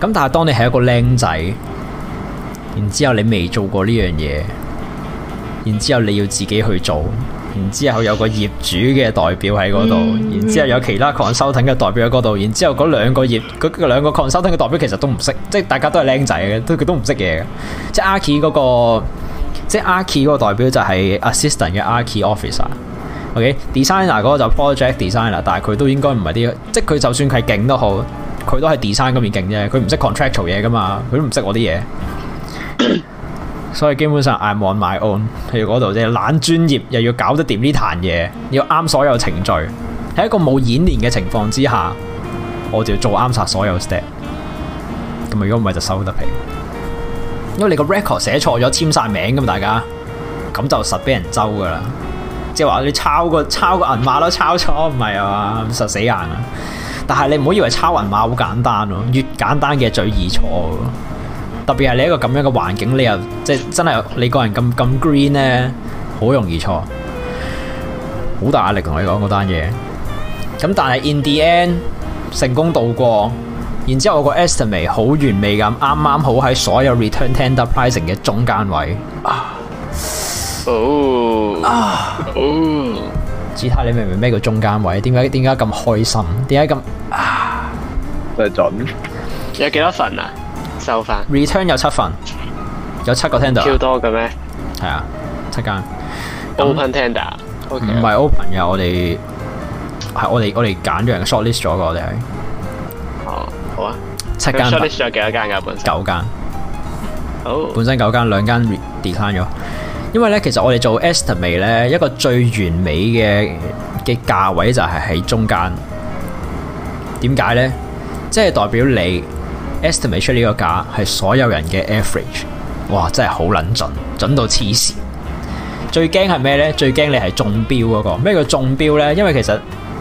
咁但係當你係一個靚仔，然之後你未做過呢樣嘢，然之後你要自己去做，然之後有個業主嘅代表喺嗰度，然之後有其他 consulting 嘅代表喺嗰度，然之後嗰兩個業嗰個兩個 consulting 嘅代表其實都唔識，即係大家都係靚仔，嘅，佢都唔識嘢嘅。即係 Archie 嗰個，即係 Archie 嗰個代表就係 assistant 嘅 Archie officer。O.K. designer 嗰個就 project designer，但係佢都應該唔係啲，即係佢就算佢係勁都好，佢都係 design 嗰邊勁啫，佢唔識 contractual 嘢噶嘛，佢都唔識我啲嘢， 所以基本上 I'm on my own。譬如嗰度啫，懶專業又要搞得掂呢壇嘢，要啱所有程序，喺一個冇演練嘅情況之下，我就要做啱晒所有 step。咁如果唔係就收得皮。因為你個 record 寫錯咗，簽晒名噶嘛，大家咁就實俾人周噶啦。即係話你抄個抄個銀碼都抄錯唔係啊，實死硬啊！但係你唔好以為抄銀碼好簡單咯、啊，越簡單嘅最易錯。特別係你一個咁樣嘅環境，你又即係真係你個人咁咁 green 呢，好容易錯，好大壓力同你講嗰單嘢。咁但係 in the end 成功渡過，然之後我個 estimate 好完美咁，啱啱好喺所有 return tender pricing 嘅中間位啊！哦、oh.。啊！好！Gtai 你明唔明咩叫中間位？點解點解咁開心？點解咁啊？都係准。有幾多份啊？收翻？Return 有七份，有七個 Tender。超多嘅咩？係啊，七間。Open、嗯、Tender？唔、okay. 係 Open 嘅，我哋係我哋我哋揀咗人 short list 咗嘅，我哋係。哦，oh, 好啊。七間、那個、short list 咗幾多間噶？九間。好。本身九間，兩間 return 咗。因為咧，其實我哋做 estimate 咧，一個最完美嘅嘅價位就係喺中間。點解呢？即係代表你 estimate 出呢個價係所有人嘅 average。哇，真係好捻準，準到黐綫。最驚係咩呢？最驚你係中標嗰個。咩叫中標呢？因為其實。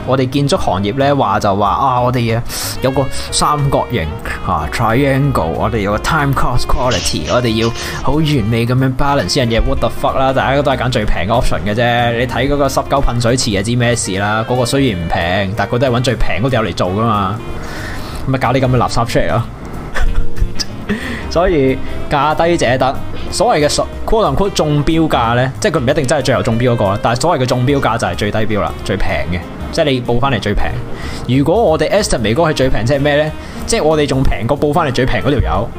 我哋建築行業咧話就話啊，我哋有個三角形啊，triangle，我哋有個 time cost quality，我哋要好完美咁樣 balance 呢樣嘢，what the fuck 啦！大家都係揀最平嘅 option 嘅啫。你睇嗰個濕鳩噴水池就知咩事啦。嗰個雖然唔平，但係佢都係揾最平嗰啲有嚟做噶嘛，咪搞啲咁嘅垃圾出嚟咯。 所以價低者得。所謂嘅 quote unquote 中標價咧，即係佢唔一定真係最後中標嗰個，但係所謂嘅中標價就係最低標啦，最平嘅。即係你報翻嚟最平。如果我哋 estimate 嗰個係最平，即係咩呢？即係我哋仲平過報翻嚟最平嗰條友。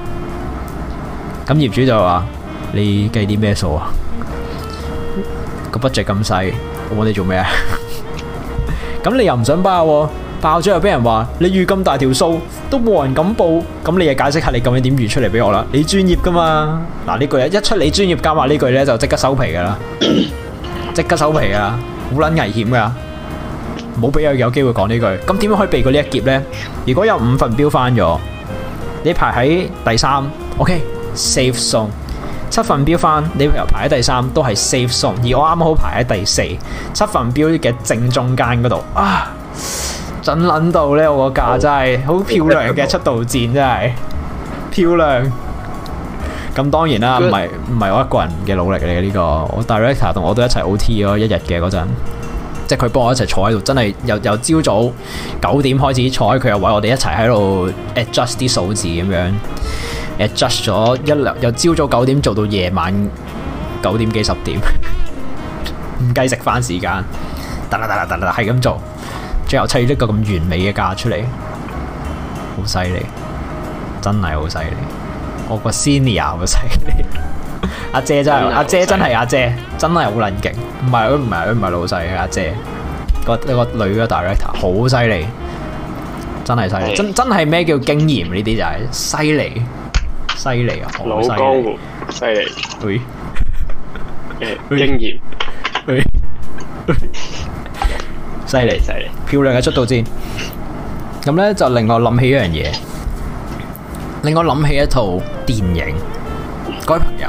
咁業主就話：你計啲咩數啊？個 budget 咁細，我哋做咩啊？咁 你又唔想爆？爆咗又俾人話你預咁大條數，都冇人敢報。咁你又解釋下你究竟點預出嚟俾我啦？你專業噶嘛？嗱、啊、呢句一出你專業加埋呢句咧，就即刻收皮噶啦！即 刻收皮啊！好捻危險噶～冇俾佢有機會講呢句，咁點樣可以避過呢一劫呢？如果有五份標翻咗，你排喺第三，OK，safe zone。七份標翻，你又排喺第三，都係 safe zone，而我啱啱好排喺第四，七份標嘅正中間嗰度啊！真撚到呢，我個價真係好漂亮，嘅出道戰真係漂亮。咁當然啦，唔係唔係我一個人嘅努力嚟嘅呢個，我 director 同我都一齊 OT 咗一日嘅嗰陣，即係佢幫我一齊坐喺度，真係由由朝早九點開始坐喺佢嘅位，我哋一齊喺度 adjust 啲數字咁樣 adjust 咗一由朝早九點做到夜晚九點幾十點，唔計食飯時間，得啦得啦得啦，係咁做，最後砌呢個咁完美嘅價出嚟，好犀利，真係好犀利，我個 senior 好犀利。阿姐真係，阿姐真係，阿姐真係好撚勁，唔係佢唔係佢唔係老細，係阿姐個個女嘅 director 好犀利，真係犀利，真真係咩叫經驗呢啲就係犀利，犀利啊！老公犀利，誒經驗犀利犀利，漂亮嘅速度戰，咁呢就令我諗起一樣嘢，令我諗起一套電影，各位朋友。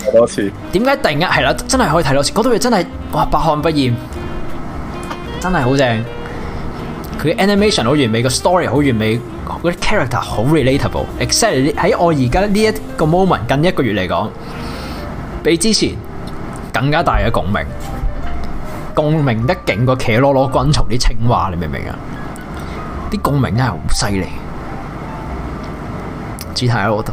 睇多次，點解突然間係啦？真係可以睇多次，嗰套嘢真係哇百看不厭，真係好正。佢 animation 好完美，個 story 好完美，嗰啲 character 好 relatable，exactly 喺我而家呢一個 moment 近一個月嚟講，比之前更加大嘅共鳴，共鳴得勁過茄囉囉軍曹啲青蛙，你明唔明啊？啲共鳴真係好犀利，只係我得。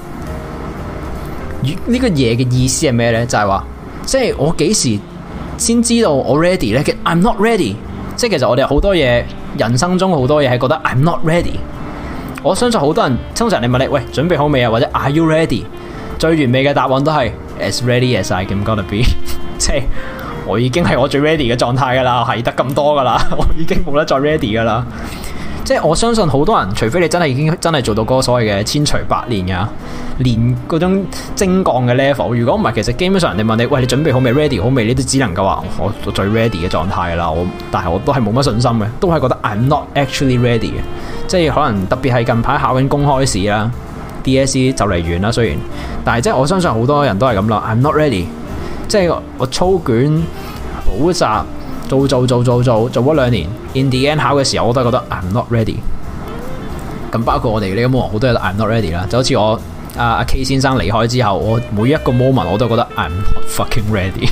呢、這個嘢嘅意思係咩呢？就係、是、話，即係我幾時先知道我 ready 呢？其實 I'm not ready，即係其實我哋好多嘢，人生中好多嘢係覺得 I'm not ready。我相信好多人通常你問你喂，準備好未啊？或者 Are you ready？最完美嘅答案都係 as ready as I am gonna be， 即係我已經係我最 ready 嘅狀態噶啦，係得咁多噶啦，我已經冇得再 ready 噶啦。即係我相信好多人，除非你真係已經真係做到嗰個所謂嘅千錘百煉啊，連嗰種精鋼嘅 level。如果唔係其實基本上人哋問你，喂，你準備好未？Ready 好未？你都只能夠話我最 ready 嘅狀態啦。我但係我都係冇乜信心嘅，都係覺得 I'm not actually ready 嘅。即係可能特別係近排考緊公開試啦，DSE 就嚟完啦。雖然，但係即係我相信好多人都係咁啦。I'm not ready 即。即係我操卷、補習做做做做做做咗兩年。In the end 考嘅時候，我都係覺得 I'm not ready。咁包括我哋呢個 moment 好多人都 I'm not ready 啦。就好似我阿阿、uh, K 先生離開之後，我每一個 moment 我都覺得 I'm fucking ready。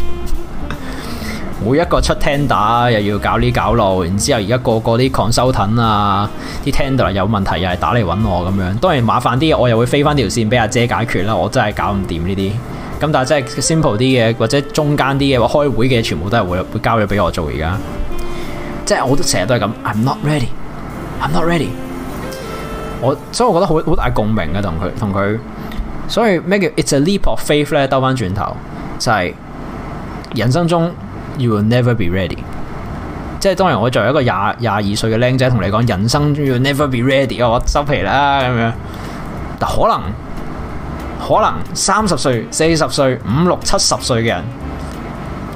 每一個出 tender 又要搞呢搞路，然之後而家個個啲 consultant 啊，啲 tender 有問題又係打嚟揾我咁樣。當然麻煩啲嘢我又會飛翻條線俾阿姐解決啦。我真係搞唔掂呢啲。咁但係真係 simple 啲嘅，或者中間啲嘅或開會嘅全部都係會會交咗俾我做而家。即係我都成日都係咁，I'm not ready，I'm not ready 我。我所以我覺得好好大共鳴嘅同佢同佢，所以咩叫 It's a leap of faith 咧？兜翻轉頭就係、是、人生中，you will never be ready。即係當然我作為一個廿廿二歲嘅靚仔同你講，人生中要 never be ready，我收皮啦咁樣。但可能可能三十歲、四十歲、五六七十歲嘅人。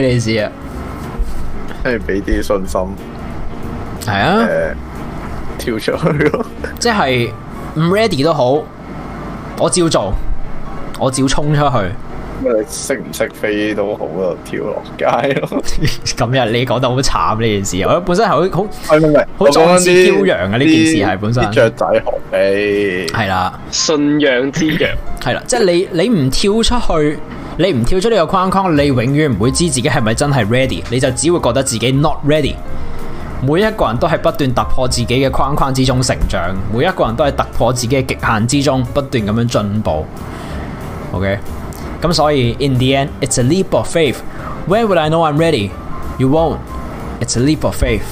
件事啊，係俾啲信心，係啊、呃，跳出去咯，即係唔 ready 都好，我照做，我照衝出去。咩？識唔識飛都好啊，跳落街咯。今日你講得好慘呢件事，我本身好好，好壯志驕陽啊！呢件事係本身，啲雀仔學你，係啦、啊，信仰之躍，係 啦、啊，即、就、係、是、你你唔跳出去。你唔跳出呢個框框，你永遠唔會知自己係咪真係 ready，你就只會覺得自己 not ready。每一個人都係不斷突破自己嘅框框之中成長，每一個人都係突破自己嘅極限之中不斷咁樣進步。OK，咁所以 in the end，it's a leap of faith。Where would I know I'm ready？You won't。It's a leap of faith。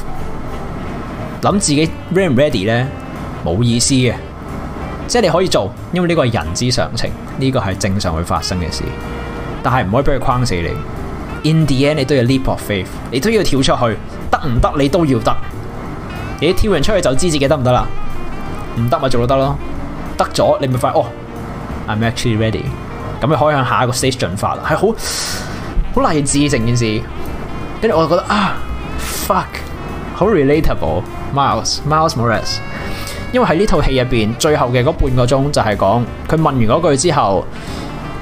諗自己 ready 唔 ready 呢，冇意思嘅。即係你可以做，因為呢個係人之常情，呢個係正常會發生嘅事。但係唔可以俾佢框死你。In the end，你都要 Leap of faith，你都要跳出去。得唔得？你都要得。你、欸、跳完出去就知自己得唔得啦。唔得咪做到得咯，得咗你咪發現哦。Oh, I'm actually ready。咁你可以向下一個 stage 進發啦。係好，好勵志成件事。跟住我就覺得啊，fuck，好 relatable，Miles，Miles Morales。因為喺呢套戲入邊，最後嘅嗰半個鐘就係講佢問完嗰句之後。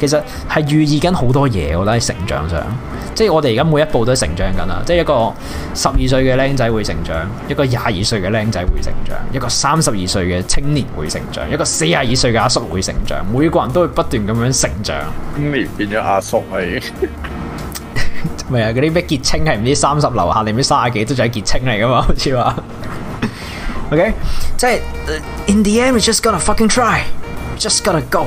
其實係寓意緊好多嘢，我覺得喺成長上，即係我哋而家每一步都喺成長緊啦。即係一個十二歲嘅僆仔會成長，一個廿二歲嘅僆仔會成長，一個三十二歲嘅青年會成長，一個四廿二歲嘅阿叔會成長。每一個人都會不斷咁樣成長。咁變咗阿叔係、哎？唔 係啊，嗰啲咩結清係唔知三十樓下定咩卅幾都仲係結清嚟噶嘛？好似話 ok 即係 in the end we just gotta fucking try，just gotta go。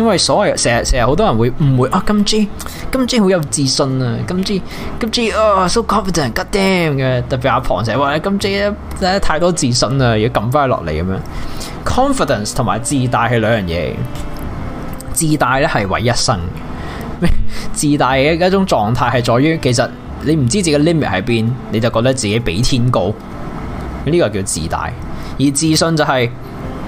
因為所謂成日成日好多人會誤會啊，金 J 金 J 好有自信啊，金 J 金 J 啊，so confident God damn 嘅，特別阿龐成日話，金 J 咧太多自信啦，要撳翻落嚟咁樣，confidence 同埋自大係兩樣嘢，自大咧係為一生的，自大嘅一種狀態係在於，其實你唔知自己 limit 喺邊，你就覺得自己比天高，呢、這個叫自大，而自信就係、是。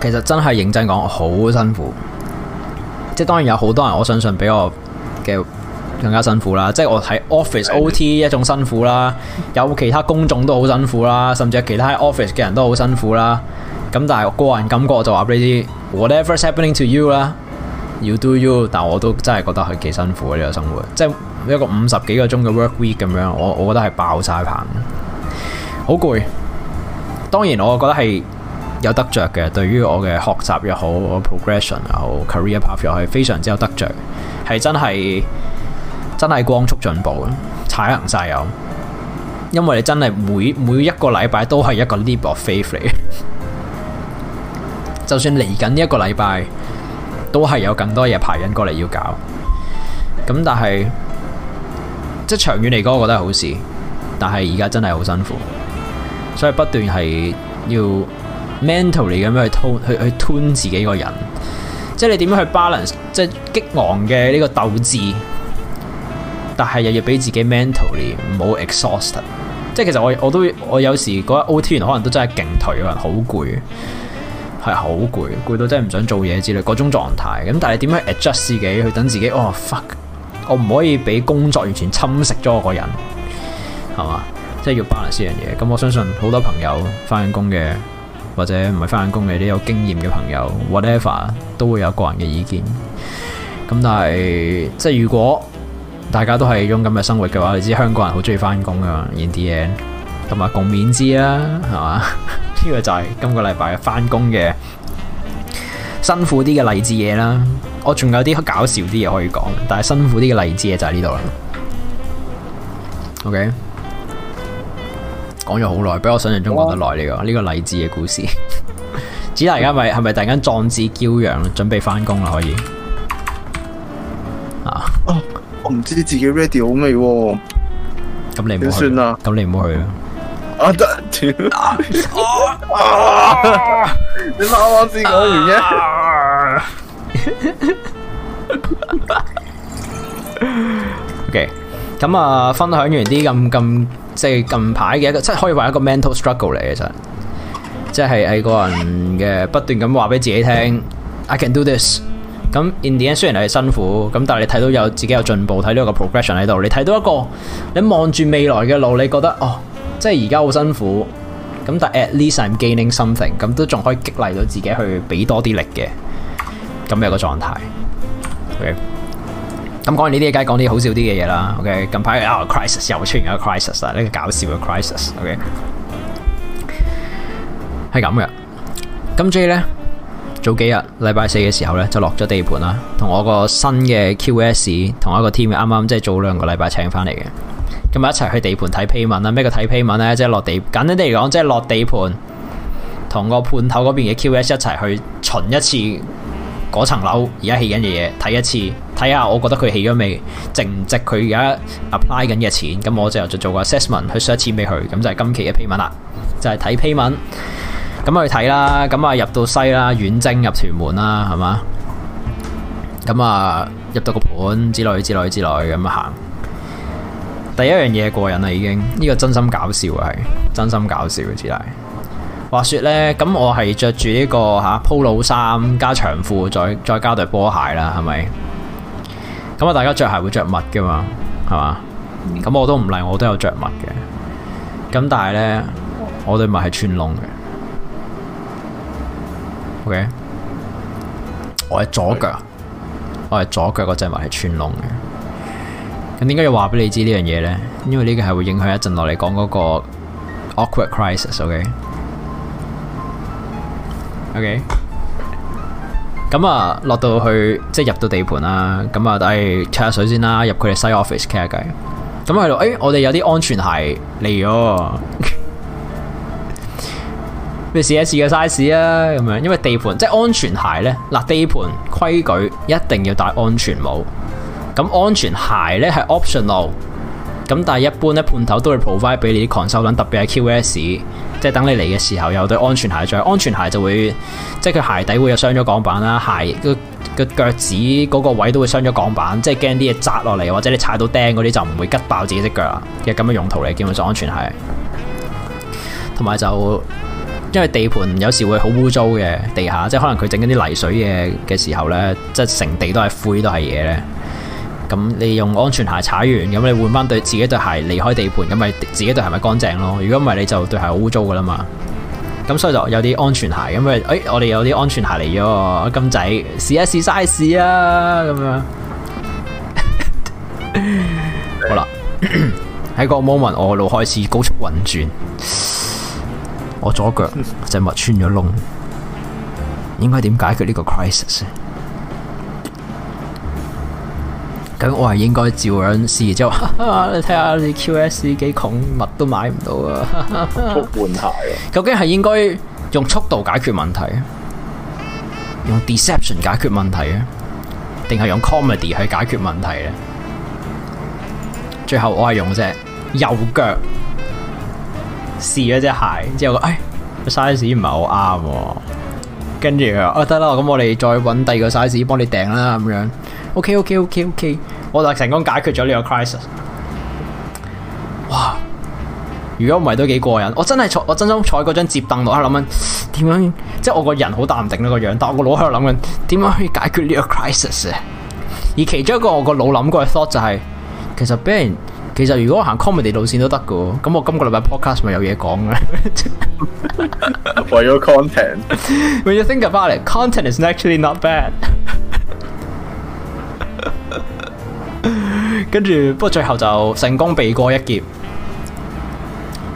其實真係認真講，好辛苦。即係當然有好多人，我相信比我嘅更加辛苦啦。即係我喺 office O T 一種辛苦啦，有其他工種都好辛苦啦，甚至係其他 office 嘅人都好辛苦啦。咁但係我個人感覺我就話俾你知 whatever's happening to you 啦，you do you。但我都真係覺得佢幾辛苦嘅呢個生活，即係一個五十幾個鐘嘅 work week 咁樣，我我覺得係爆晒棚，好攰。當然我覺得係。有得着嘅，對於我嘅學習又好，我 progression 又好，career path 又好，非常之有得着。係真係真係光速進步踩行晒油，因為你真係每每一個禮拜都係一個 leap of faith 嚟， 就算嚟緊呢一個禮拜都係有更多嘢排緊過嚟要搞。咁但係即係長遠嚟講，我覺得係好事，但係而家真係好辛苦，所以不斷係要。mentally 咁樣去吞去去吞自己一個人，即係你點樣去 balance，即係激昂嘅呢個鬥志，但係又要俾自己 mentally 唔好 exhaust，即係其實我我都我有時覺得 O T 員可能都真係勁頹嘅人很，好攰，係好攰，攰到真係唔想做嘢之類嗰種狀態。咁但係點樣去 adjust 自己去等自己哦 fuck，我唔可以俾工作完全侵蝕咗我個人，係嘛，即係要 balance 呢樣嘢。咁我相信好多朋友翻緊工嘅。或者唔係翻工嘅啲有經驗嘅朋友，whatever，都會有個人嘅意見。咁但係即係如果大家都係用咁嘅生活嘅話，你知香港人好中意翻工噶嘛？然啲嘢，同埋共勉之啦，係嘛？呢 個就係今個禮拜翻工嘅辛苦啲嘅勵志嘢啦。我仲有啲搞笑啲嘢可以講，但係辛苦啲嘅勵志嘢就喺呢度啦。OK。講咗好耐，比我想象中講得耐呢個呢個勵志嘅故事。子蘭而家咪係咪突然間壯志驕陽，準備翻工啦？可以啊？哦，我唔知自己 ready 好未？咁你唔好去。點算啊？咁你唔好去。啊得，屌！啊啊啊！你把我自己搞完啊！OK，咁啊，分享完啲咁咁。即係近排嘅一個，即係可以話一個 mental struggle 嚟嘅，其實即係係個人嘅不斷咁話俾自己聽，I can do this。咁 India 雖然嚟係辛苦，咁但係你睇到有自己有進步，睇到有個 progression 喺度，你睇到一個你望住未來嘅路，你覺得哦，即係而家好辛苦，咁但係 at least I'm gaining something，咁都仲可以激勵到自己去俾多啲力嘅，咁有個狀態。Okay? 咁講呢啲嘢，梗係講啲好笑啲嘅嘢啦。OK，近排又 crisis，又出現一個 crisis 啊！呢個搞笑嘅 crisis，OK，係咁嘅。咁 J 呢，早幾日禮拜四嘅時候呢，就落咗地盤啦，同我個新嘅 QS 同一個 team，啱啱即係早兩個禮拜請翻嚟嘅，咁日一齊去地盤睇批文啦。咩叫睇批文呢？即係落地，簡單啲嚟講，即係落地盤同個判頭嗰邊嘅 QS 一齊去巡一次。嗰層樓而家起緊嘅嘢，睇一次，睇下我覺得佢起咗未，值唔值佢而家 apply 緊嘅錢？咁我就就做個 assessment 去 short 錢俾佢，咁就係今期嘅批文啦，就係睇批文，咁去睇啦，咁啊入到西啦，遠征入屯門啦，係嘛？咁啊入到個盤之類之類之類咁啊行，第一樣嘢過癮啦，已經呢個真心搞笑啊，係真心搞笑嘅之類。話說呢，咁我係着住呢個吓 polo 衫加長褲，再再加對波鞋啦，係咪？咁啊，大家着鞋會着襪噶嘛，係嘛？咁我都唔例外，我都有着襪嘅。咁但係呢，我對襪係穿窿嘅。OK，我係左腳，我係左腳個隻襪係穿窿嘅。咁點解要話俾你知呢樣嘢呢？因為呢個係會影響一陣落嚟講嗰個 awkward crisis。O K。OK，咁啊落到去即係入到地盤啦，咁啊，等你 check 下水先啦，入佢哋 site office 傾下偈。咁係咯，誒、欸，我哋有啲安全鞋嚟咗， 你試一試個 size 啊，咁樣，因為地盤即係安全鞋咧，嗱，地盤規矩一定要戴安全帽，咁安全鞋咧係 optional。咁但係一般咧，判頭都會 provide 俾你啲狂修輪，特別係 QS，即係等你嚟嘅時候，有對安全鞋着，安全鞋就會，即係佢鞋底會有傷咗鋼板啦，鞋個腳趾嗰個位都會傷咗鋼板，即係驚啲嘢砸落嚟，或者你踩到釘嗰啲就唔會拮爆自己隻腳，嘅咁嘅用途嚟嘅叫做安全鞋。同埋就因為地盤有時會好污糟嘅地下，即係可能佢整緊啲泥水嘅嘅時候咧，即係成地都係灰都係嘢咧。咁你用安全鞋踩完，咁你換翻對自己對鞋離開地盤，咁咪自己對鞋咪乾淨咯？如果唔係，你就對鞋好污糟噶啦嘛。咁所以就有啲安全鞋，咁咪誒，我哋有啲安全鞋嚟咗，金仔試一試 size 啊，咁樣。 好啦，喺 個 moment 我腦開始高速運轉，我左腳隻襪穿咗窿，應該點解決呢個 crisis？咁我係應該照樣試，之後你睇下你 QS 幾窮，乜都買唔到啊！速換鞋啊！究竟係應該用速度解決問題啊？用 deception 解決問題啊？定係用 comedy 去解決問題咧？最後我係用隻右腳試咗隻鞋，之後個、哎、size 唔係好啱。跟住啊，得啦，咁我哋再揾第二個 size 幫你訂啦，咁樣。OK，OK，OK，OK，okay, okay, okay, okay. 我就成功解決咗呢個 crisis。哇！如果唔係都幾過癮。我真係坐，我真心坐嗰張折凳度，喺度諗緊點樣，即係我個人好淡定呢個樣，但係我個腦喺度諗緊點樣可以解決呢個 crisis 啊。而其中一個我個腦諗過嘅 thought 就係、是，其實俾人。其實如果我行 comedy 路線都得噶，咁我今個禮拜 podcast 咪有嘢講咧。為咗 content，when you think about it，content is actually not bad。跟住，不過最後就成功避過一劫，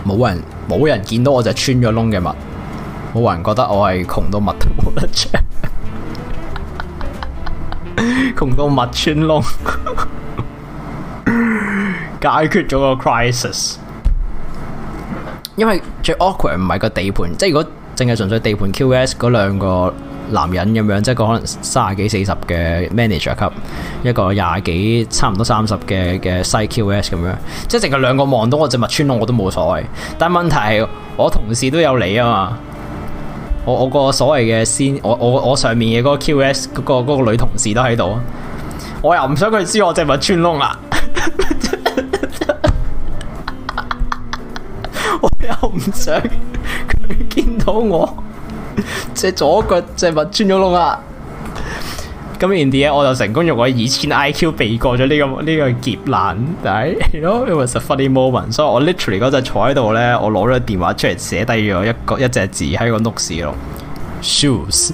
冇人冇人見到我就穿咗窿嘅襪，冇人覺得我係窮到襪冇得穿，窮到襪穿窿。解決咗個 crisis，因為最 awkward 唔係個地盤，即係如果淨係純粹地盤 QS 嗰兩個男人咁樣，即係可能三十幾四十嘅 manager 級，一個廿幾差唔多三十嘅嘅細 QS 咁樣，即係淨係兩個望到我隻物穿窿，我都冇所謂。但係問題係我同事都有嚟啊嘛，我我個所謂嘅先，我我我上面嘅嗰個 QS 嗰、嗰個、嗰個女同事都喺度，我又唔想佢知我隻物穿窿啊。想佢見到我，隻左腳隻襪穿咗窿啊！咁然之後，我就成功用我以前 I Q 避過咗呢、呢個呢、呢個劫難，但係係咯，又係一個 funny moment。所以我 literally 嗰陣坐喺度咧，我攞咗電話出嚟寫低咗一,一,一隻個一隻字喺個 note 紙度，shoes。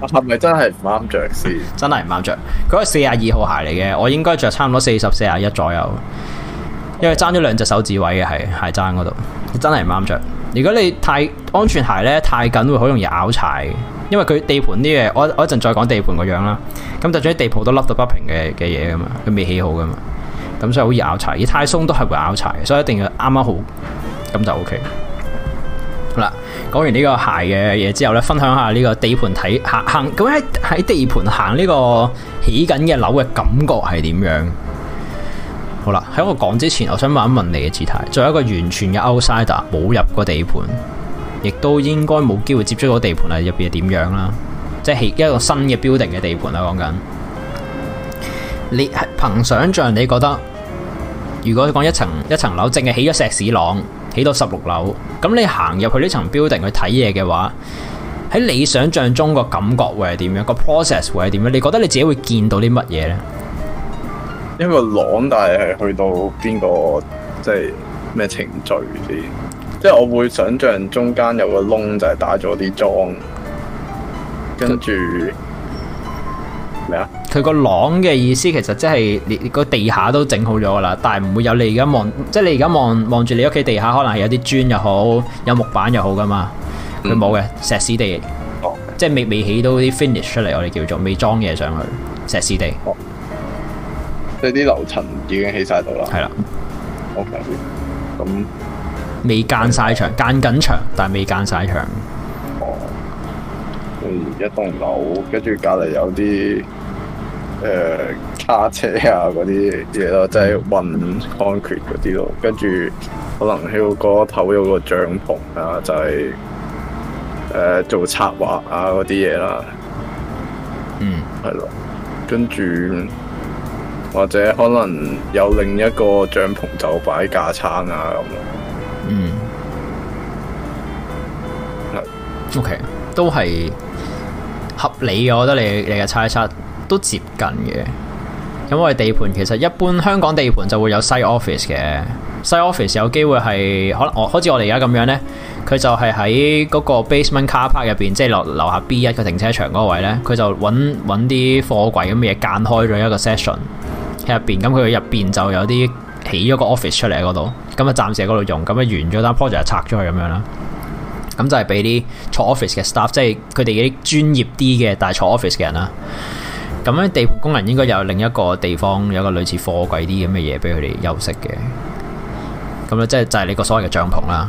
係咪真係唔啱着先？真係唔啱着。佢係四十二號鞋嚟嘅，我應該着差唔多四十四廿一左右。因為爭咗兩隻手指位嘅係鞋踭嗰度，真係唔啱着。如果你太安全鞋咧太緊會好容易咬柴，因為佢地盤啲嘢，我一我一陣再講地盤個樣啦。咁就算啲地盤都凹到不平嘅嘅嘢噶嘛，佢未起好噶嘛，咁所以好易咬柴。而太鬆都係會咬柴，所以一定要啱啱好，咁就 OK。好啦，講完呢個鞋嘅嘢之後咧，分享下呢個地盤睇行行，咁喺喺地盤行呢個起緊嘅樓嘅感覺係點樣？好啦，喺我講之前，我想問一問你嘅姿態，作為一個完全嘅 outsider，冇入過地盤，亦都應該冇機會接觸到地盤啊，入邊係點樣啦？即係一個新嘅 building 嘅地盤啦，啊，講緊。你憑想象你覺得如果講一層一層樓，淨係起咗石屎廊，起到十六樓，咁你行入去呢層 building 去睇嘢嘅話，喺你想象中個感覺會係點樣？個 process 會係點樣？你覺得你自己會見到啲乜嘢呢？因為個廊，但係去到邊個即係咩程序啲？即係我會想象中間有個窿，就係、是、打咗啲樁，跟住咩啊？佢、嗯、個廊嘅意思，其實即係連個地下都整好咗噶啦，但係唔會有你而家望，即係你而家望望住你屋企地下，可能係有啲磚又好，有木板又好噶嘛。佢冇嘅，石屎地，哦、即係未未起到啲 finish 出嚟，我哋叫做未裝嘢上去，石屎地。哦即、就、啲、是、樓層已經起晒度啦。係啦。OK。咁未間晒場，間緊場，但係未間晒場。哦。嗯，一棟樓跟住隔離有啲誒、呃、卡車啊嗰啲嘢咯，即、就、係、是、運 concrete 嗰啲咯。跟住可能喺個頭有個帳篷啊，就係、是、誒、呃、做策劃啊嗰啲嘢啦。嗯，係咯。跟住。或者可能有另一個帳篷就擺架撐啊咁咯。嗯。Okay，都係合理嘅，我覺得你你嘅猜測都接近嘅。因為地盤其實一般香港地盤就會有 side office 嘅，side office 有機會係可能我好似我哋而家咁樣呢，佢就係喺嗰個 basement car park 入面，即係落樓下 B 一個停車場嗰個位呢，佢就揾啲貨櫃咁嘅嘢間開咗一個 session。入邊，咁佢入邊就有啲起咗個 office 出嚟喺嗰度，咁啊暫時喺嗰度用，咁啊完咗單 project 拆咗去咁樣啦，咁就係俾啲坐 office 嘅 staff，即係佢哋啲專業啲嘅，但係坐 office 嘅人啦。咁咧地盤工人應該有另一個地方，有一個類似貨櫃啲咁嘅嘢俾佢哋休息嘅。咁咧即係就係你個所謂嘅帳篷啦，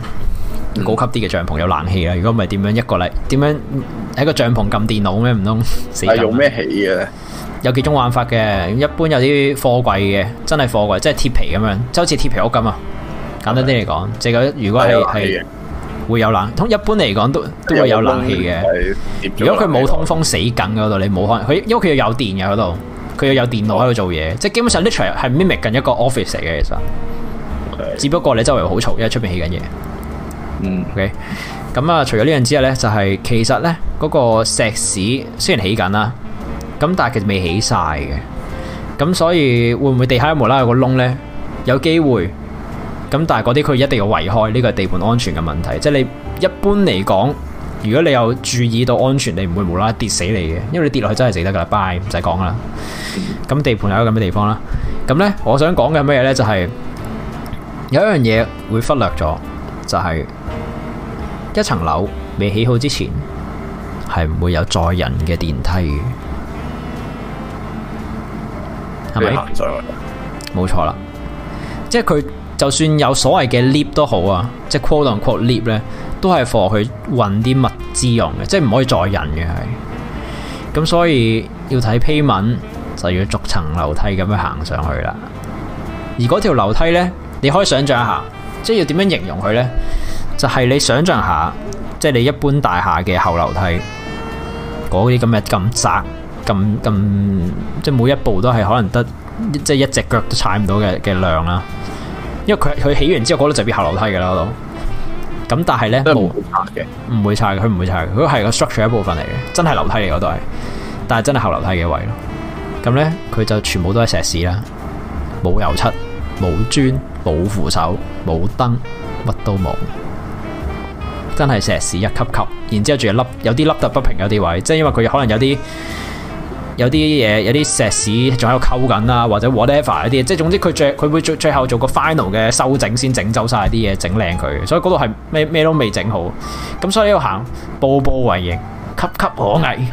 嗯、高級啲嘅帳篷有冷氣啦。如果唔係點樣一個例，點樣喺個帳篷撳電腦咩？唔通係用咩起嘅？有幾種玩法嘅，一般有啲貨櫃嘅，真係貨櫃，即係鐵皮咁樣，就好似鐵皮屋咁啊。簡單啲嚟講，即、okay. 係如果如果係係會有冷，通一般嚟講都、yeah. 都會有冷氣嘅。如果佢冇通風死緊嗰度，你冇可能，因為佢要有電嘅嗰度，佢要有電腦喺度做嘢，okay. 即係基本上呢係 mimic 緊一個 office 嘅，其實。Okay. 只不過你周圍好嘈，因為出面起緊嘢。嗯、mm.，OK。咁啊，除咗呢樣之外咧，就係、是、其實咧嗰、那個石屎雖然起緊啦。咁但係其實未起晒嘅，咁所以會唔會地下無啦啦有個窿呢？有機會，咁但係嗰啲佢一定要圍開，呢個係地盤安全嘅問題。即係你一般嚟講，如果你有注意到安全，你唔會無啦跌死你嘅，因為你跌落去真係死得噶啦，拜，唔使講啦。咁地盤係一個咁嘅地方啦，咁呢，我想講嘅咩嘢呢？就係、是、有一樣嘢會忽略咗，就係、是、一層樓未起好之前係唔會有載人嘅電梯。係咪行上去？冇錯啦，即係佢就算有所謂嘅 lift 都好啊，即係 quote and quote lift 咧，都係 for 佢運啲物資用嘅，即係唔可以載人嘅係。咁所以要睇批文，就要逐層樓梯咁樣行上去啦。而嗰條樓梯呢，你可以想象一下，即係要點樣形容佢呢？就係你想象下，即係你一般大廈嘅後樓梯嗰啲咁嘅咁窄。咁咁，即係每一步都係可能得，即係一隻腳都踩唔到嘅嘅量啦。因為佢佢起完之後嗰度就變下樓梯嘅啦，度，咁。但係咧冇嘅，唔會拆嘅，佢唔會拆嘅。佢係個 structure 的一部分嚟嘅，真係樓梯嚟嗰度係，但係真係下樓梯嘅位咯。咁呢，佢就全部都係石屎，屎啦，冇油漆，冇磚，冇扶手，冇燈，乜都冇，真係石屎一級級。然之後仲要凹，有啲凹凸不平，有啲位，即係因為佢可能有啲。有啲嘢，有啲石屎仲喺度溝緊啊，或者 whatever 一啲，即係總之佢最佢會最最後做個 final 嘅修整，先整走晒啲嘢，整靚佢。所以嗰度係咩咩都未整好，咁所以呢度行步步為營，岌岌可危。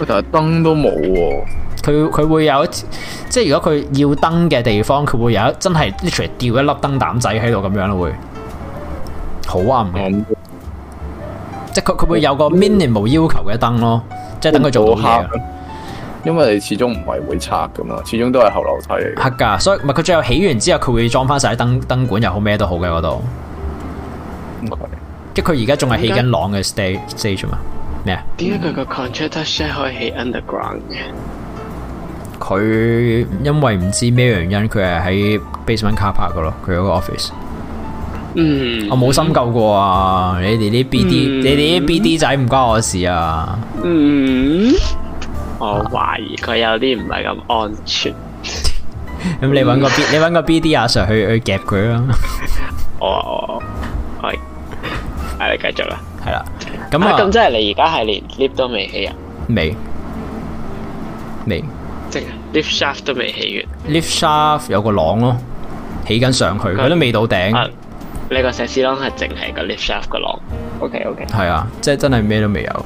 乜台燈都冇喎、哦？佢佢會有，一，即係如果佢要燈嘅地方，佢會有真一真係 literally 吊一粒燈膽仔喺度咁樣咯，會好啊唔緊、嗯。即係佢佢會有個 minimal 要求嘅燈咯。即係等佢做好，因為你始終唔係會拆噶嘛，始終都係後樓梯。黑噶，所以唔係佢最後起完之後，佢會裝翻晒啲燈燈管又好咩都好嘅，嗰度。即係佢而家仲係起緊朗嘅 stage stage 嘛？咩啊？點解佢個 contractor share 可以起 underground 嘅？佢因為唔知咩原因，佢係喺 basement car park 噶咯，佢個 office。嗯，我冇深究過啊！你哋啲 B D，你哋啲 B D 仔唔關我事啊！嗯，我懷疑佢有啲唔係咁安全。咁你搵個 B，你搵個 B D 阿 Sir 去去夾佢咯。我我係，係你繼續啦，係啦。咁咁即係你而家係連 lift 都未起啊？未未，即係 lift shaft 都未起嘅，lift shaft 有個廊咯，起緊上去，佢都未到頂。你的寫是只個石屎窿係淨係個 lift shaft 嘅窿，OK OK。係啊，即係真係咩都未有。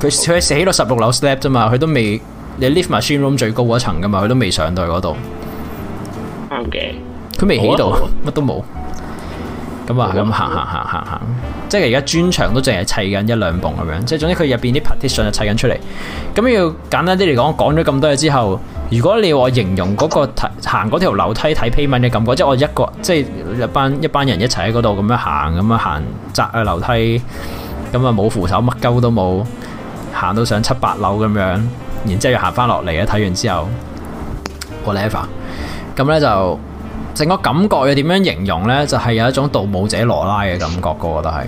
佢佢起到十六樓 slab 啫嘛，佢都未，你 lift machine room 最高嗰層噶嘛，佢都未上到去嗰度。啱、OK、嘅，佢未起到，乜都冇。咁啊，咁、啊啊、行行行行行，即係而家磚牆都淨係砌緊一兩埲咁樣，即係總之佢入邊啲 partition 就砌緊出嚟。咁要簡單啲嚟講，講咗咁多嘢之後。如果你話形容嗰個睇行嗰條樓梯睇批文嘅感覺，即係我一個，即係一班一班人一齊喺嗰度咁樣行，咁樣行窄嘅樓梯，咁啊冇扶手，乜鳩都冇，行到上七八樓咁樣，然之後又行翻落嚟咧，睇完之後，whatever，咁呢就成個感覺要點樣形容呢？就係有一種盜墓者羅拉嘅感覺的，我覺得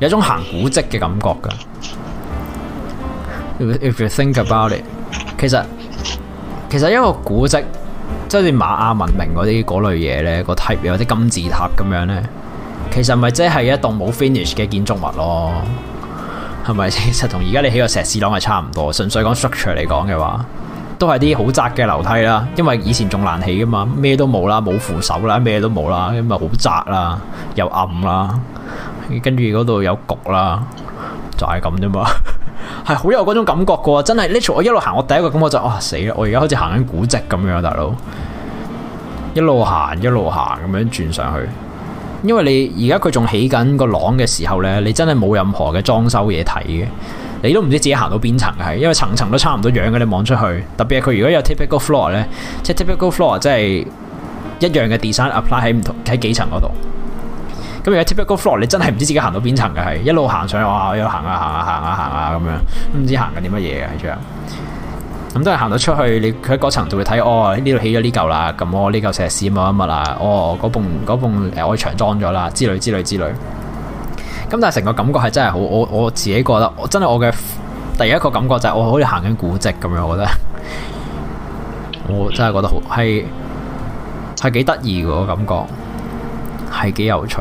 有一種行古蹟嘅感覺㗎。If you think about it，其實。其實一個古蹟，即係似瑪雅文明嗰啲嗰類嘢呢個 type 有啲金字塔咁樣呢。其實咪即係一棟冇 finish 嘅建築物咯，係咪？其實同而家你起個石屎廊係差唔多，純粹講 structure 嚟講嘅話，都係啲好窄嘅樓梯啦，因為以前仲難起噶嘛，咩都冇啦，冇扶手啦，咩都冇啦，因為好窄啦，又暗啦，跟住嗰度有焗啦，就係咁啫嘛。係好有嗰種感覺噶，真係。literally 我一路行，我第一個感覺就，哇死啦！我而家好似行緊古蹟咁樣，大佬一路行一路行咁樣轉上去。因為你而家佢仲起緊個廊嘅時候呢，你真係冇任何嘅裝修嘢睇嘅，你都唔知自己行到邊層嘅，因為層層都差唔多樣嘅。你望出去，特別係佢如果有 typical floor 呢，即係 typical floor，即係一樣嘅 design apply 喺唔同喺幾層嗰度。咁而家 typical floor，你真係唔知自己行到邊層嘅，係一路行上去，哇、啊，一路行啊行啊行啊行啊咁樣，都唔知行緊啲乜嘢嘅喺度。咁都係行到出去，你佢喺嗰層就會睇哦，呢度起咗呢嚿啦，咁我呢嚿石屎物物啦，哦嗰埲嗰埲外牆裝咗啦，之類之類之類。咁但係成個感覺係真係好，我我自己覺得，真係我嘅第一個感覺就係我好似行緊古蹟咁樣，我覺得我真係覺得好係係幾得意嘅個感覺。係幾有趣，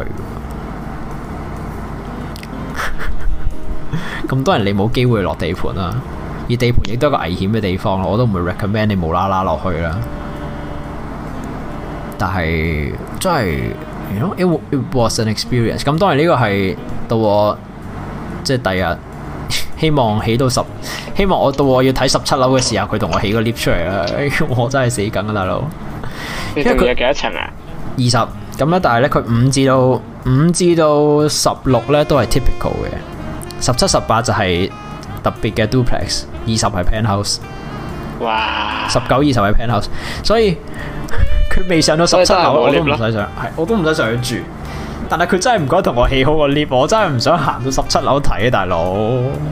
咁 多人你冇機會落地盤啦，而地盤亦都係一個危險嘅地方，我都唔會 recommend 你無啦啦落去啦。但係真係 you know，if it, it was an experience，咁當然呢個係到我即係第日希望起到十，希望我到我要睇十七樓嘅時候，佢同我起個 lift 出嚟啦，我真係死緊啊大佬！你睇佢有幾多層啊？二十。咁咧，但係咧，佢五至到五至到十六咧，都係 typical 嘅。十七、十八就係特別嘅 duplex，二十係 penthouse。哇！十九、二十係 penthouse，所以佢未上到十七樓，我都唔使上，係我都唔使上去住。但係佢真係唔該同我起好個 lift，我真係唔想行到十七樓睇啊，大佬。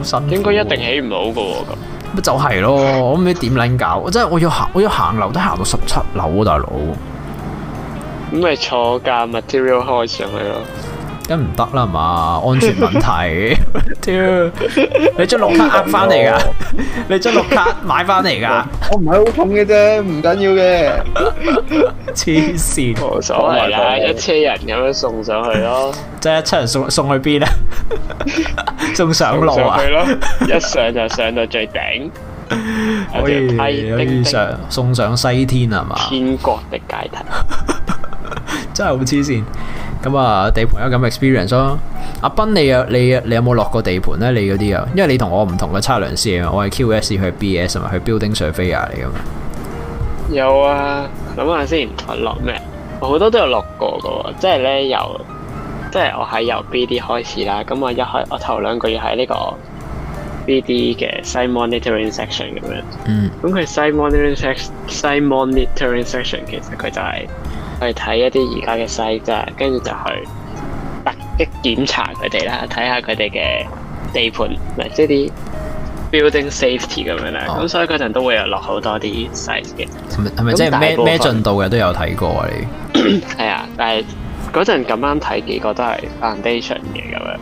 十應該一定起唔到噶喎，咁咪就係咯？我唔知點捻搞？我真係我要行，我要行樓都行到十七樓啊，大佬！咁咪坐架 material 開上去咯，咁唔得啦，係嘛安全問題 你卡。屌 ，你將綠卡呃翻嚟噶，你將綠卡買翻嚟噶，我唔係好重嘅啫，唔緊要嘅。黐 線，冇所謂啦，一車人咁樣送上去咯。即 係一車人送送去邊啊？ 送上路啊？一上就上到最頂， 可以可以上送上西天係嘛？天國的階梯。 真係好黐線，咁啊地盤有咁 experience 咯。阿斌，你有你你有冇落過地盤咧？你嗰啲啊，因為你同我唔同嘅測量師啊，我係 QS，佢係 BS 同埋佢 building survey 嚟噶。有啊，諗下先，我落咩？我好多都有落過噶，即係咧由即係、就是、我喺由 B D 開始啦。咁我一開我頭兩個月喺呢個 B D 嘅 site monitoring section 咁樣。嗯。咁佢 site monitoring section，site monitoring section 其實佢就係、是。去睇一啲而家嘅 site，跟住就去突擊檢查佢哋啦，睇下佢哋嘅地盤，唔係即係啲 building safety 咁樣啦。咁、oh。所以嗰陣都會有落好多啲 site 嘅。係咪係咪即係咩咩進度嘅都有睇過啊你？你係 啊，但係，嗰陣咁啱睇幾個都係 foundation 嘅咁樣。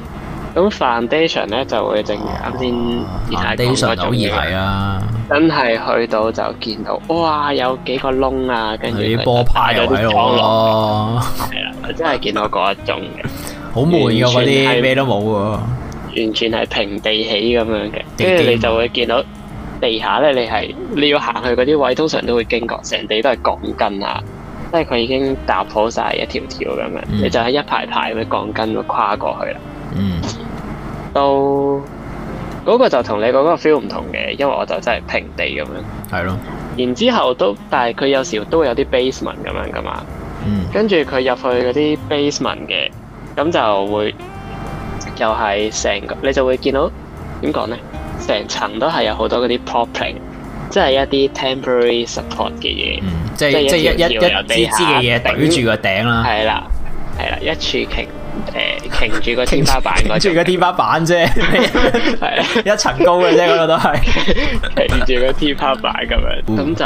咁 foundation 咧，就會正啱先 foundation 嗰種嘢係啊。真係、嗯嗯、去到就見到，哇有幾個窿啊，跟住波派咗啲蒼狼，係、嗯、啦、嗯，我真係見到嗰一種嘅，好悶㗎嗰啲咩都冇喎，完全係平地起咁樣嘅，跟住你就會見到地下咧，你係你要行去嗰啲位，通常都會驚覺成地都係鋼筋啊，即係佢已經搭好晒一條條咁樣，你就喺一排排嗰啲鋼筋咁跨過去啦，嗯。嗯嗯嗯都嗰個就同你講嗰個 feel 唔同嘅，因為我就真係平地咁樣。係咯。然之後都，但係佢有時都會有啲 basement 咁樣噶嘛。嗯，跟。跟住佢入去嗰啲 basement 嘅，咁就會又係成個，你就會見到點講呢？成層都係有好多嗰啲 propping 即係一啲 temporary support 嘅嘢，嗯，即係一一一支支嘅嘢頂住個頂啦。係啦，係啦，一處傾。誒、呃，擎住個天花板，擎住個天花板啫，係一層高嘅啫，嗰個都係擎住個天花板咁樣，咁、 嗯、就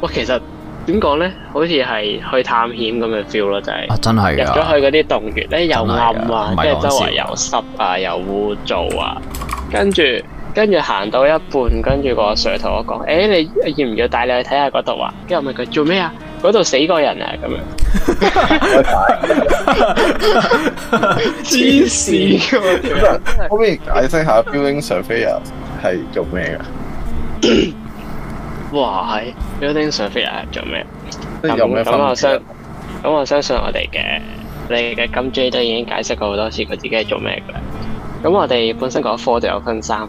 哇，其實點講咧，好似係去探險咁嘅 feel 咯、就係，就、啊、係入咗去嗰啲洞穴咧，又暗啊，即係周圍又濕啊，又污糟啊，跟住。跟住行到一半，跟住個阿 Sir 同我講，誒、欸，你要唔要帶你去睇下嗰度啊？跟住我問佢做咩啊？嗰度死過人啊！咁 樣 經病，黐綫噶嘛！可唔可以解釋下 Building Surveyor 係做咩噶 ？哇，係 Building Surveyor 係做咩？咁、嗯、咁、嗯嗯，我相咁、嗯、我相信我哋嘅，你嘅金 J 都已經解釋過好多次佢自己係做咩噶。咁我哋本身嗰科就有分三。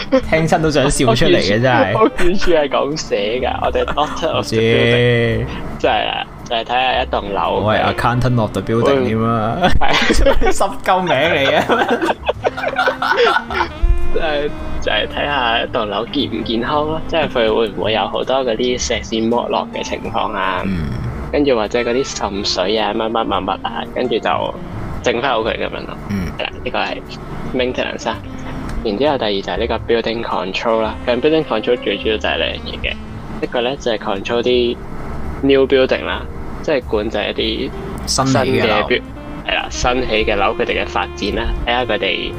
聽親都想笑出嚟嘅真係，我完全係咁寫噶，我哋 doctor 住，真係啦，就係睇下一棟樓。我係 accountant of the building 添啊，係濕鳩名嚟嘅，就係就係睇下一棟樓健唔健康咯，即係佢會唔會有好多嗰啲石屎剝落嘅情況啊，跟住或者嗰啲滲水啊，乜乜乜乜啊，跟住就整翻好佢咁樣咯。嗯，係啦，呢個係 maintenance 啊。然之後，第二就係呢個 building control 啦。咁 building control 最主要就係兩樣嘢嘅，一個呢，就係 control 啲 new building 啦，即係管制一啲新嘅係啦，新起嘅樓佢哋嘅發展啦，睇下佢哋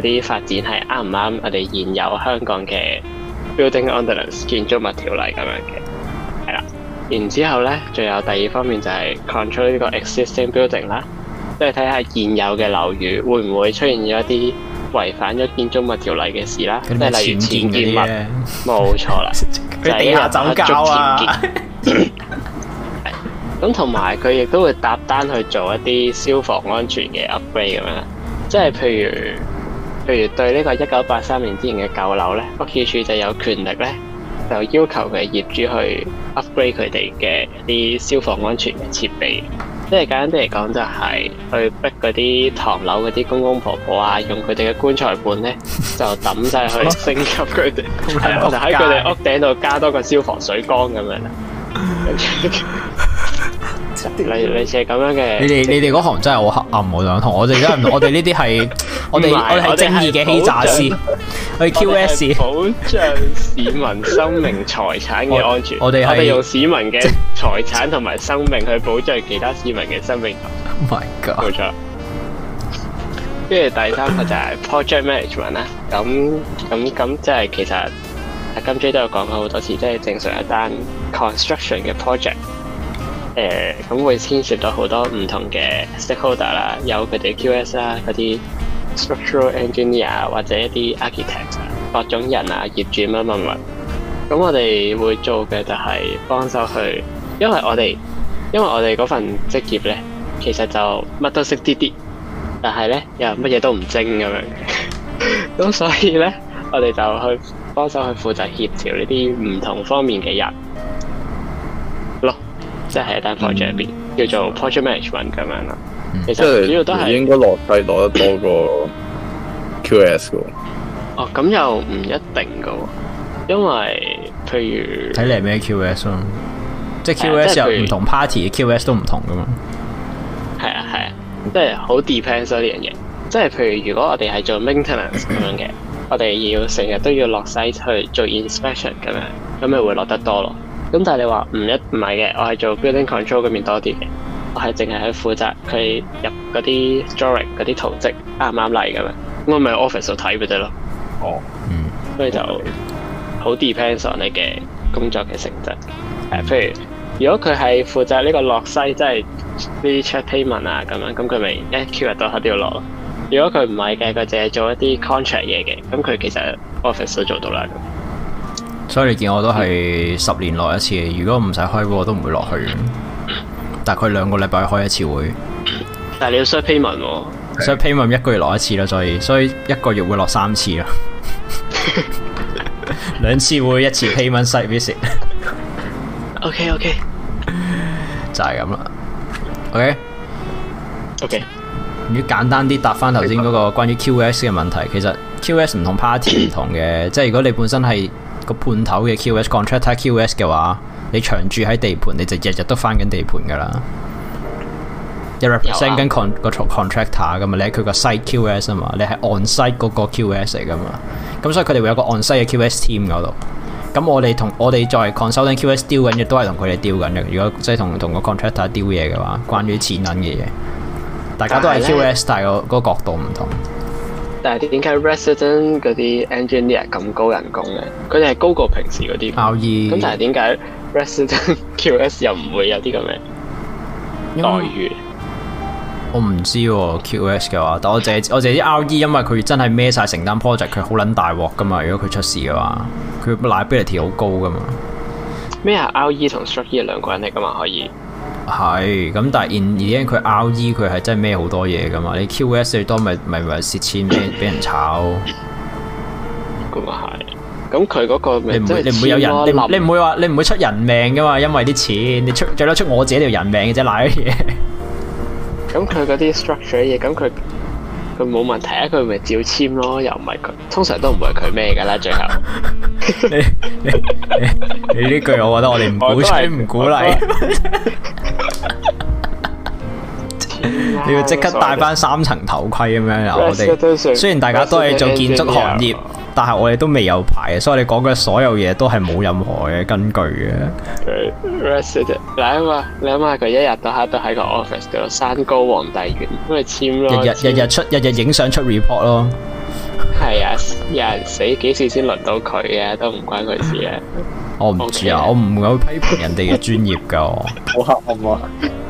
啲發展係啱唔啱我哋現有香港嘅 building ordinance 建築物條例咁樣嘅，係啦。然之後呢，仲有第二方面就係 control 呢個 existing building 啦，即係睇下現有嘅樓宇會唔會出現咗一啲。違反咗建築物條例嘅事啦，即係例如僭建物，冇 沒錯啦，底下走膠啊！咁同埋佢亦都會搭單去做一啲消防安全嘅 upgrade 咁啦，即係譬如譬如對呢個一九八三年之前嘅舊樓呢，屋宇署就有權力呢，就要求佢嘅業主去 upgrade 佢哋嘅啲消防安全嘅設備。即係簡單啲嚟講，就係去逼嗰啲唐樓嗰啲公公婆婆啊，用佢哋嘅棺材本咧，就抌晒去升級佢哋，就喺佢哋屋頂度加多個消防水缸咁樣啦。 例如類似咁樣嘅，你哋你哋嗰行真係好黑暗。我同我哋真我哋呢啲係我哋我哋係正義嘅欺詐師，我哋 QS 保障市民生命財產嘅安全，我哋我哋用市民嘅財產同埋生命去保障其他市民嘅生命。Oh my God！冇錯。跟住第三個就係 project management 啦，咁咁咁即係其實阿金 Jay 都有講過好多次，即係正常一單 construction 嘅 project。誒、欸、咁會牽涉到好多唔同嘅 stakeholder 啦，有佢哋 QS 啦，嗰啲 structural engineer 或者一啲 architects 啊，各種人啊，業主乜乜乜，咁我哋會做嘅就係幫手去，因為我哋因為我哋嗰份職業咧，其實就乜都識啲啲，但係咧又乜嘢都唔精咁樣，咁 所以咧我哋就去幫手去負責協調呢啲唔同方面嘅人。即係一單 project 入邊，叫做 project management 咁樣咯、嗯。其實主要都係應該落 site 攞得多過 QS 噶 哦，咁又唔一定噶，因為譬如睇嚟咩 QS 咯，即係 QS 有唔同 party，QS 都唔同噶嘛？係啊係啊，即係好 depends 咯呢樣嘢。即係譬如如果我哋係做 maintenance 咁樣嘅， 我哋要成日都要落 site 去做 inspection 咁樣，咁咪會落得多咯。咁但係你話唔一唔係嘅，我係做 building control 嗰邊多啲嘅，我係淨係喺負責佢入嗰啲 drawing 嗰啲圖則啱唔啱嚟嘅嘛？咁我咪 office 度睇咪得咯。哦，嗯，所以就好 depends on 你嘅工作嘅性質。誒、啊，譬如如果佢係負責呢個落西，即係呢 check payment 啊咁樣，咁佢咪一 Q 日都 c k 喺度落。咯、欸。如果佢唔係嘅，佢淨係做一啲 contract 嘢嘅，咁佢其實 office 都做到啦。所以你見我都係十年落一次，如果唔使開會，我都唔會落去。大概兩個禮拜開一次會，但係你要收 payment、哦。收 payment、okay. 一個月落一次啦，所以所以一個月會落三次咯。兩 次會一次 payment site visit。OK OK，就係咁啦。OK OK，如果簡單啲答翻頭先嗰個關於 QS 嘅問題，其實 QS 唔同 party 唔同嘅， 即係如果你本身係。個判頭嘅 QS contractor QS 嘅話，你長住喺地盤，你就日日都翻緊地盤噶啦。有 represent 緊個 contractor 噶嘛，你係佢個 site QS 啊嘛，你係 on site 嗰個 QS 嚟噶嘛。咁所以佢哋會有個 on site 嘅 QS team 嗰度。咁我哋同我哋再 consultant QS deal 緊嘅都係同佢哋 deal 緊嘅。如果即係同同個 contractor deal 嘢嘅話，關於錢銀嘅嘢，大家都係 QS，但係個個角度唔同。但係點解 resident 嗰啲 engineer 咁高人工嘅？佢哋係高過平時嗰啲。R.E. 咁，但係點解 resident Q.S. 又唔會有啲咁嘅待遇？我唔知喎、啊、，Q.S. 嘅話，但我淨係知我淨知 R.E. 因為佢真係孭晒成單 project，佢好捻大鑊噶嘛。如果佢出事嘅話，佢 liability 好高噶嘛。咩啊？R.E. 同 shorty t 兩個人嚟噶嘛？可以。係，咁但係而家佢 R E 佢係真係咩好多嘢噶嘛？你 Q S 最多咪咪咪蝕錢俾俾人炒，咁啊係，咁佢嗰個你唔會你唔會有人你唔會話你唔會出人命噶嘛？因為啲錢，你出最多出我自己條人命嘅啫，瀨咗嘢。咁佢嗰啲 structure 嘢，咁佢佢冇問題啊，佢咪照簽咯，又唔係佢，通常都唔會係佢咩噶啦，最後 你。你呢句，我覺得我哋唔鼓勵，唔鼓勵。 你要即刻戴翻三層頭盔咁樣啊！我哋雖然大家都係做建築行業，但係我哋都未有牌，所以你講嘅所有嘢都係冇任何嘅根據嘅。resident，你諗下，你諗下，佢一日到黑都喺個 office 度山高皇帝遠，咁咪簽咯。日日日日出，日日影相出 report 咯。係啊，有人死幾時先輪到佢啊？都唔關佢事啊！我唔知啊，okay，我唔會批評人哋嘅專業噶。好黑暗啊！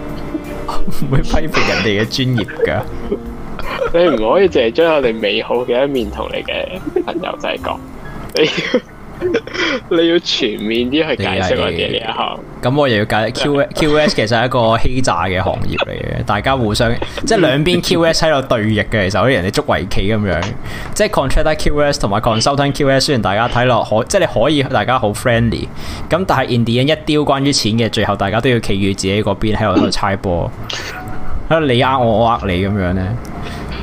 唔 會批評人哋嘅專業噶 ， 你唔可以淨係將我哋美好嘅一面同你嘅朋友仔係講你。 你要全面啲去解釋啲嘢，咁我又要解釋 Q S Q S 其實係一個欺詐嘅行業嚟嘅， 大家互相即係兩邊 Q S 喺度對弈嘅，其實好似人哋捉圍棋咁樣，即係 contractor Q S 同埋 consultant Q S，雖然大家睇落可即係你可以大家好 friendly，咁但係 in the end，一丟關於錢嘅，最後大家都要企住自己嗰邊喺度度猜波，啊 你呃我，我呃你咁樣咧，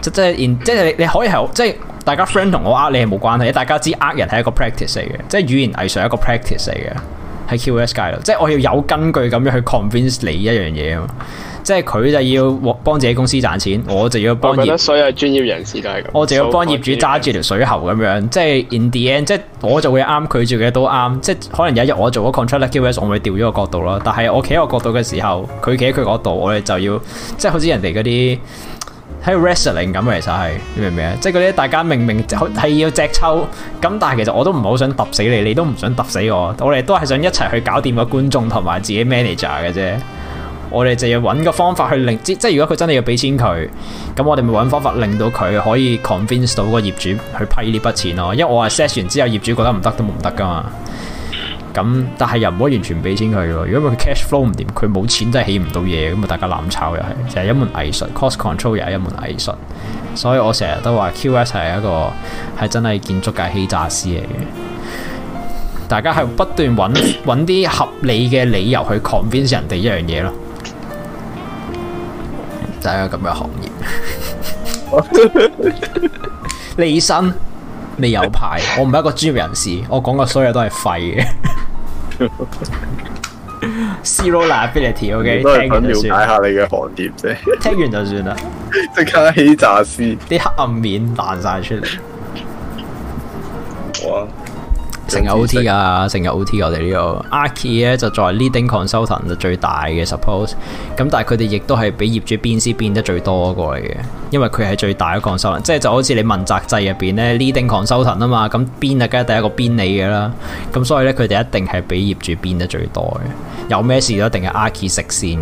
即係即係你你可以係即係。大家 friend 同我呃你係冇關係，大家知呃人係一個 practice 嚟嘅，即係語言藝術一個 practice 嚟嘅，喺 QS 界度咯。即係我要有根據咁樣去 convince 你一樣嘢啊，即係佢就要幫自己公司賺錢，我就要幫業。我覺得所有專業人士都係咁。我就要幫業主揸住條水喉咁樣，so, 即係 in the end，即係我就會啱佢做嘅都啱，即係可能有一日我做咗 contractor QS，我咪調咗個角度啦。但係我企喺個角度嘅時候，佢企喺佢角度，我哋就要，即係好似人哋嗰啲。喺 wrestling 咁其實係，你明唔明啊？即係嗰啲大家明明係要隻抽，咁但係其實我都唔係好想揼死你，你都唔想揼死我，我哋都係想一齊去搞掂個觀眾同埋自己 manager 嘅啫。我哋就要揾個方法去令，即係如果佢真係要俾錢佢，咁我哋咪揾方法令到佢可以 convince 到個業主去批呢筆錢咯。因為我 assess 完之後，業主覺得唔得都唔得噶嘛。咁，但係又唔可以完全俾錢佢喎。如果佢 cash flow 唔掂，佢冇錢真係起唔到嘢。咁啊，大家攬炒又係，就係一門藝術。Cost control 又係一門藝術。所以我成日都話，QS 係一個係真係建築界欺詐師嚟嘅。大家係不斷揾揾啲合理嘅理由去 convince 人哋一樣嘢咯。就係一個咁嘅行業。離身。未有牌，我唔係一個專業人士，我講嘅所有都係廢嘅。Zero liability，OK，難、okay, 聽 完了解下你嘅行業啫，聽完就算啦，即 刻起詐師啲黑暗面爛晒出嚟。好啊。成日 OT 㗎，成日 OT 我哋呢個 Archie 咧就作為 Leading Consultant 最大嘅 Suppose，咁但係佢哋亦都係俾業主變先變得最多嗰個嚟嘅，因為佢係最大嘅 Consultant，即係就好似你問責制入面咧 Leading Consultant 啊嘛，咁變啊梗係第一個變你嘅啦，咁所以咧佢哋一定係俾業主變得最多嘅，有咩事都一定係 Archie 食先。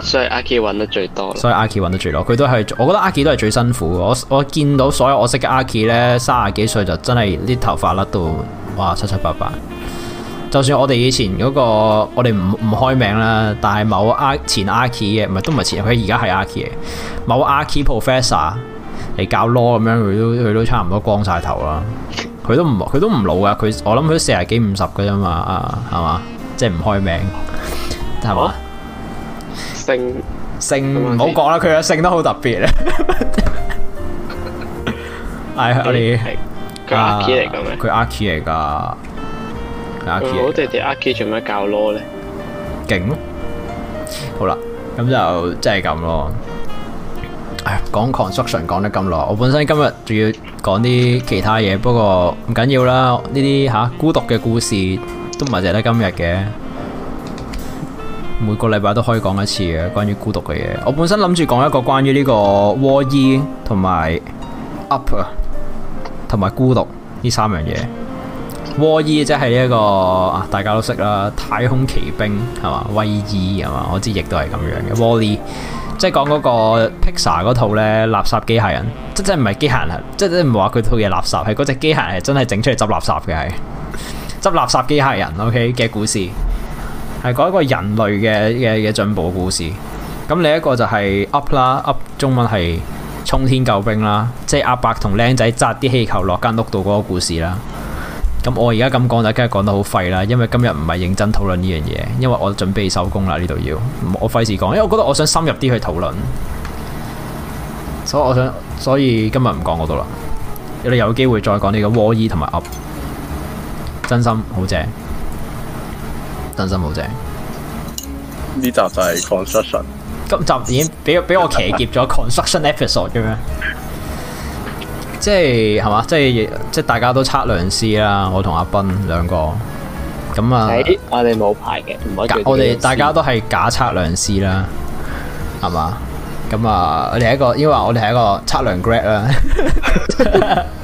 所以阿 Key 揾得最多，所以阿 Key 揾得最多。佢都係，我覺得阿 Key 都係最辛苦嘅。我我見到所有我識嘅阿 Key 咧三十卅幾歲就真係啲頭髮甩到哇七七八八。就算我哋以前嗰、那個我哋唔唔開名啦，但係某 A, 前阿 Key 嘅，唔係都唔係前，佢而家係阿 Key 嘅某阿 Key professor 嚟教 law 咁樣，佢都佢都差唔多光晒頭啦。佢都唔佢都唔老噶，佢我諗佢四十幾五十嘅啫嘛啊係嘛，即係唔開名係嘛。是性性唔好講啦，佢嘅性都好特別咧。係我哋佢阿 K 嚟嘅咩？佢阿 K 嚟噶，佢我哋啲阿 K 做咩教囉咧？勁咯，好啦，咁就即係咁咯。唉，講 construction 講得咁耐，我本身今日仲要講啲其他嘢，不過唔緊要啦。呢啲吓孤獨嘅故事都唔係淨係得今日嘅。每個禮拜都可以講一次嘅，關於孤獨嘅嘢。我本身諗住講一個關於呢個 WALL-E 同埋 Up 啊，同埋孤獨呢三樣嘢。WALL-E 即係一個啊，大家都識啦，太空奇兵係嘛，威伊係嘛，我知亦都係咁樣嘅。WALL-E 即係講嗰個 Pixar 嗰套呢垃圾機械人，即係即係唔係機械人，即係唔係話佢套嘢垃圾，係嗰隻機械人係真係整出嚟執垃圾嘅，執垃圾機械人 OK 嘅故事。係講一個人類嘅嘅進步故事。咁另一個就係 Up 啦，Up 中文係沖天救兵啦，即係阿伯同靚仔揸啲氣球落間屋度嗰個故事啦。咁我而家咁講就梗係講得好廢啦，因為今日唔係認真討論呢樣嘢，因為我準備收工啦，呢度要我費事講，因為我覺得我想深入啲去討論，所以我想所以今日唔講嗰度啦。你有機會再講呢個窩衣同埋 Up，真心好正。真心好正，呢集就係 construction。今集已經俾俾我騎劫咗 construction episode 嘅咩？即係係嘛？即係即係大家都測量師啦，我同阿斌兩個咁啊。我哋冇牌嘅，唔可以，我哋大家都係假測量師啦，係嘛？咁啊，我哋係一個，因為我哋係一個測量 grad 啦。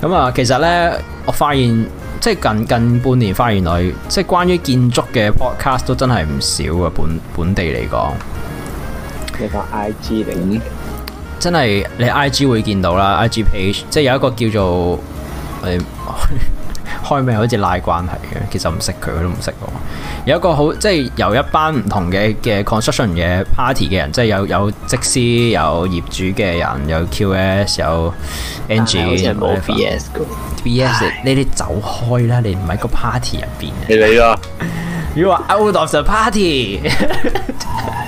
咁、嗯、啊，其實呢，我發現即係近近半年發現，來即係關於建築嘅 podcast 都真係唔少嘅。本本地嚟講，你講 I G 嚟，真係你 I G 會見到啦，I G page 即係有一個叫做 開咩好似拉關係嘅，其實唔識佢，佢都唔識我。有一個好即係由一班唔同嘅嘅 construction 嘅 party 嘅人，即係有有則師、有業主嘅人、有 QS、有 NG 有、有 VS。VS 呢啲走開啦！你唔喺個 party 入邊啊？係你啦！You are out of the party。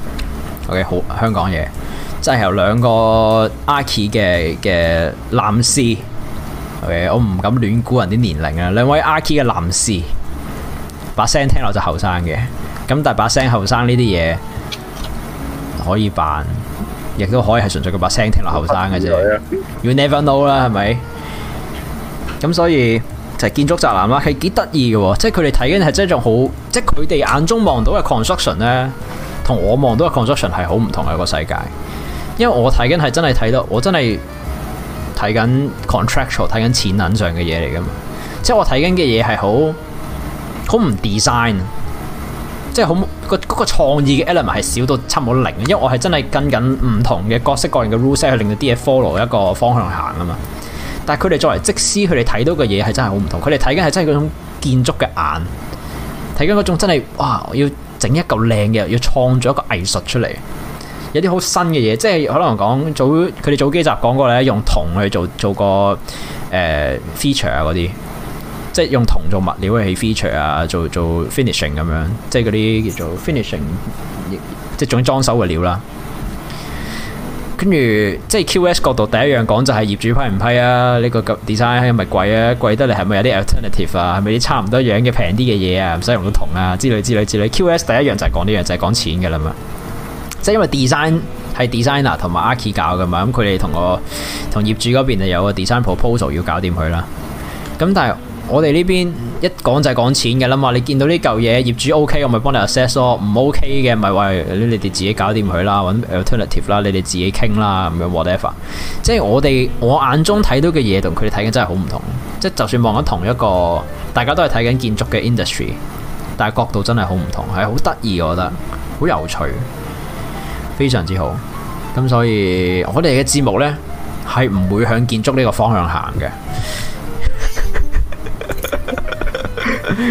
嘅、okay，好香港嘢，即係有兩個 Archi 嘅嘅男士，okay？我唔敢亂估人啲年齡啊！兩位 Archi 嘅男士，把聲聽落就後生嘅，咁但係把聲後生呢啲嘢，可以扮，亦都可以係純粹佢把聲聽落後生嘅啫。You never know 啦，係咪？咁所以就係建築宅男啦，係幾得意嘅，即係佢哋睇緊係真係一種好，即係佢哋眼中望到嘅 construction 咧。我望到嘅 construction 係好唔同嘅一個世界，因為我睇緊係真係睇到，我真係睇緊 contractual，睇緊錢銀上嘅嘢嚟噶嘛。即係我睇緊嘅嘢係好好唔 design，即係好個嗰個創意嘅 element 係少到差唔多零。因為我係真係跟緊唔同嘅角色、各人嘅 rule set 去令到啲嘢 follow 一個方向行啊嘛。但係佢哋作為則師，佢哋睇到嘅嘢係真係好唔同。佢哋睇緊係真係嗰種建築嘅眼，睇緊嗰種真係哇我要。整一嚿靚嘅，要創造一個藝術出嚟，有啲好新嘅嘢，即係可能講早佢哋早幾集講過咧，用銅去做做個、呃、feature 啊嗰啲，即係用銅做物料去起 feature 啊，做做 finishing 咁樣，即係嗰啲叫做 finishing，即係種裝修嘅料啦。跟住即係 Q S 角度第一樣講就係業主批唔批啊？呢個 design 係咪貴啊？貴得嚟係咪有啲 alternative 啊？係咪啲差唔多樣嘅平啲嘅嘢啊？唔使用，用到銅啊之類之類之類。Q S 第一樣就係講呢樣就係講錢噶啦嘛，即係因為 design 係 designer 同埋 archi 搞噶嘛，咁佢哋同我同業主嗰邊就有個 design proposal 要搞掂佢啦。咁但係。我哋呢邊一講就係講錢㗎啦嘛，你見到呢嚿嘢業主 OK，我咪幫你 assess 咯，唔 OK 嘅咪話你哋自己搞掂佢啦，搵 alternative 啦，你哋自己傾啦，咁樣 whatever。即係我哋我眼中睇到嘅嘢同佢哋睇緊真係好唔同，即係就算望咗同一個，大家都係睇緊建築嘅 industry，但係角度真係好唔同，係好得意我覺得，好有趣，非常之好。咁所以我哋嘅節目呢，係唔會向建築呢個方向行嘅。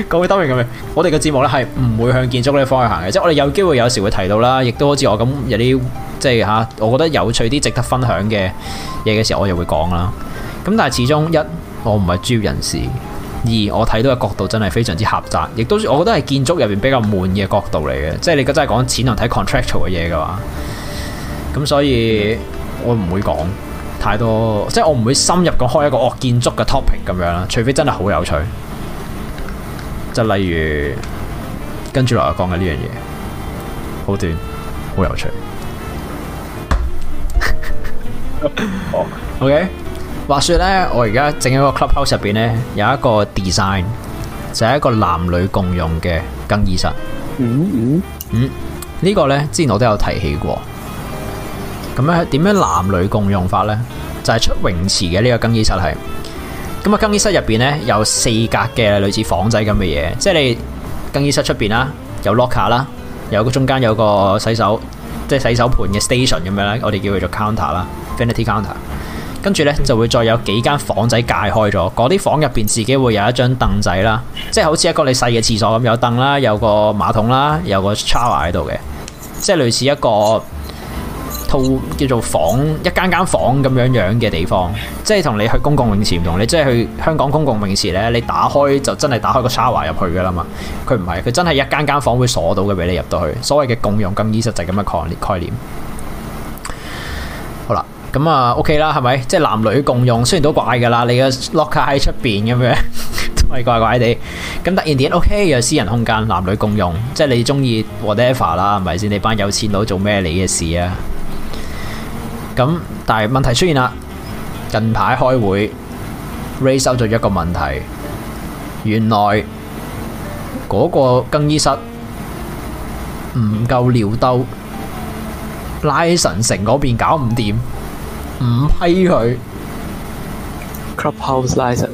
各位當然咁樣，我哋嘅節目咧係唔會向建築呢方向行嘅，即係我哋有機會有時會提到啦，亦都好似我咁有啲即係吓，我覺得有趣啲值得分享嘅嘢嘅時候，我又會講啦。咁但係始終一，我唔係專業人士；二，我睇到嘅角度真係非常之狹窄，亦都我覺得係建築入邊比較悶嘅角度嚟嘅。即係你真係講錢，能睇 contractual 嘅嘢嘅話，咁所以我唔會講太多，即係我唔會深入咁開一個哦建築嘅 topic 咁樣啦，除非真係好有趣。就例如跟住落嚟講嘅呢樣嘢，好短，好有趣。好 ，OK。話説呢，我而家整一個 clubhouse 入邊呢，有一個 design，就係一個男女共用嘅更衣室。嗯、mm、嗯 -hmm. 嗯，呢、這個呢，之前我都有提起過。咁樣點樣男女共用法呢？就係、係、出泳池嘅呢、呢個更衣室係。咁啊，更衣室入面咧有四格嘅類似房仔咁嘅嘢，即係你更衣室出面啦，有 locker 啦，有個中間有個洗手，即係洗手盤嘅 station 咁樣咧，我哋叫佢做 counter 啦，vanity counter，跟住咧就會再有幾間房仔界開咗，嗰啲房入面自己會有一張凳仔啦，即係好似一個你細嘅廁所咁，有凳啦，有個馬桶啦，有個 shower 喺度嘅，即係類似一個。套叫做房，一間間房咁樣樣嘅地方，即係同你去公共泳池唔同。你即係去香港公共泳池呢，你打開就真係打開個 shower 入去噶啦嘛。佢唔係，佢真係一間間房會鎖到嘅，俾你入到去。所謂嘅共用，更衣室就係咁嘅概念概念。好啦，咁啊，OK 啦，係咪？即係男女共用，雖然都怪噶啦。你嘅 locker 喺出邊咁樣都係怪怪地。咁突然間 OK 有私人空間，男女共用，即係你中意 whatever 啦，係咪先？你班有錢佬做咩你嘅事啊？咁，但係問題出現啦。近排開會，Ray 收咗一個問題，原來嗰個更衣室唔夠尿兜，拉神城嗰邊搞唔掂，唔批佢。Clubhouse License，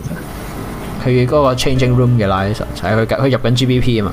佢嗰個 changing room 嘅 license，就係佢佢入緊 GBP 啊嘛。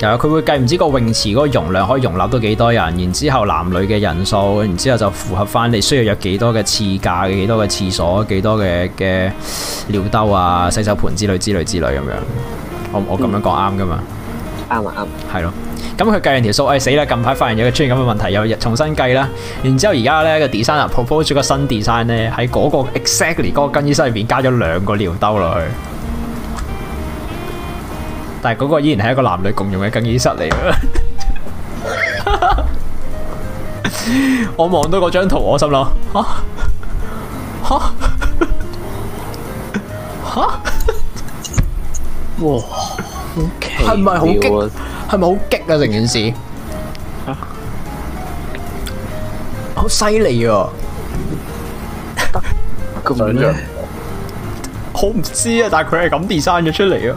係啊，佢會計唔知個泳池嗰個容量可以容納到幾多人，然之後男女嘅人數，然之後就符合翻你需要有幾多嘅廁格、幾多嘅廁所、幾多嘅嘅尿兜啊，洗手盆之類之類之類咁樣。我我咁樣講啱噶嘛？啱啊啱。係、嗯、咯，咁佢計完條數，哎死啦！近排發現有出現咁嘅問題，又重新計啦。然之後而家咧個 designer propose 咗個新 design 咧喺嗰個 exactly 嗰個更衣室入邊加咗兩個尿兜落去。但係嗰個依然係一個男女共用嘅更衣室嚟嘅，我望到嗰張圖，我心諗，吓吓吓，哇，係咪好激？係咪好激啊？成件事，好犀利啊！咁樣好，我唔知啊，但係佢係咁 design 咗出嚟啊。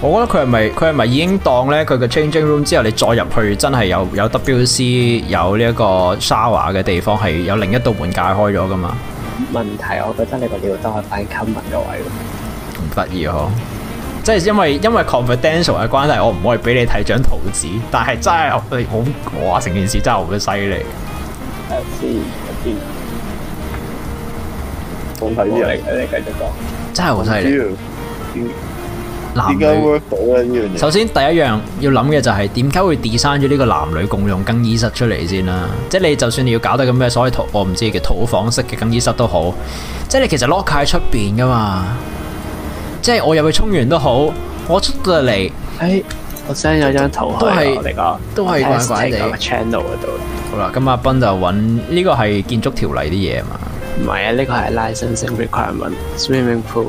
我覺得佢係咪佢係咪已經當咧佢個 changing room 之後，你再入去真係有有 WC 有呢一個 shower 嘅地方係有另一道門解開咗噶嘛？問題，我覺得你個料都係反吸引嘅位，唔得意嗬！即係因為因為 confidential 嘅關係，我唔可以俾你睇張圖紙，但係真係我哋好哇，成件事真係好犀利。我睇咗我睇咗，你繼續講，真係好犀利。男首先第一樣要諗嘅就係點解會 design 咗呢個男女共用更衣室出嚟先啦？即係你就算你要搞到咁咩所謂土我唔知嘅土房式嘅更衣室都好，即係你其實 locker 喺出邊噶嘛？即係我入去沖完都好，我出到嚟，誒，我 send 咗張圖，都係我嚟講，都係喺你 channel 嗰度。好啦，咁阿斌就搵呢個係建築條例啲嘢嘛？唔係啊，呢個係 licensing requirement swimming pool。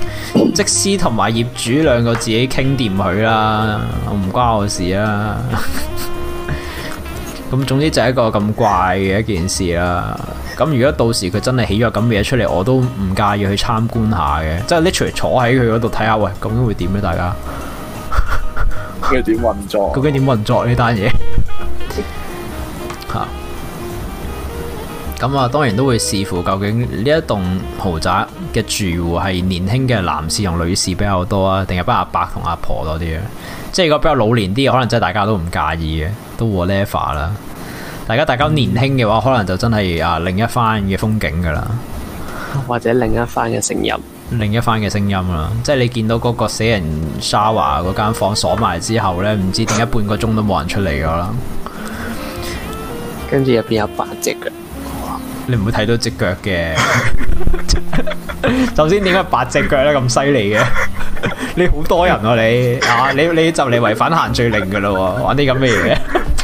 即係師同埋業主兩個自己傾掂佢啦，唔關我事啦。咁總之就是就係一個咁怪嘅一件事啦。咁如果到時佢真係起咗咁嘅嘢出嚟，我都唔介意去參觀一下嘅，即係拎出嚟坐喺佢嗰度睇下，喂，咁樣會點呢？大家，佢點運作？究竟點運作呢單嘢？咁啊，當然都會視乎究竟呢一棟豪宅嘅住戶係年輕嘅男士同女士比較多啊，定係不阿伯同阿婆比較多啲啊。即係如果比較老年啲，可能真係大家都唔介意嘅，都和呢 a t e 啦。大家，大家年輕嘅話，可能就真係啊另一番嘅風景噶啦，或者另一番嘅聲音，另一番嘅聲音啦。即係你見到嗰個死人 Sarah 嗰間房鎖埋之後呢，唔知點解半個鐘都冇人出嚟噶啦，跟住入邊有八隻你唔會睇到隻腳嘅，頭先點解八隻腳咧咁犀利嘅？你好多人喎、啊你，啊、你，啊你你就嚟違反限聚令噶咯，玩啲咁嘅嘢。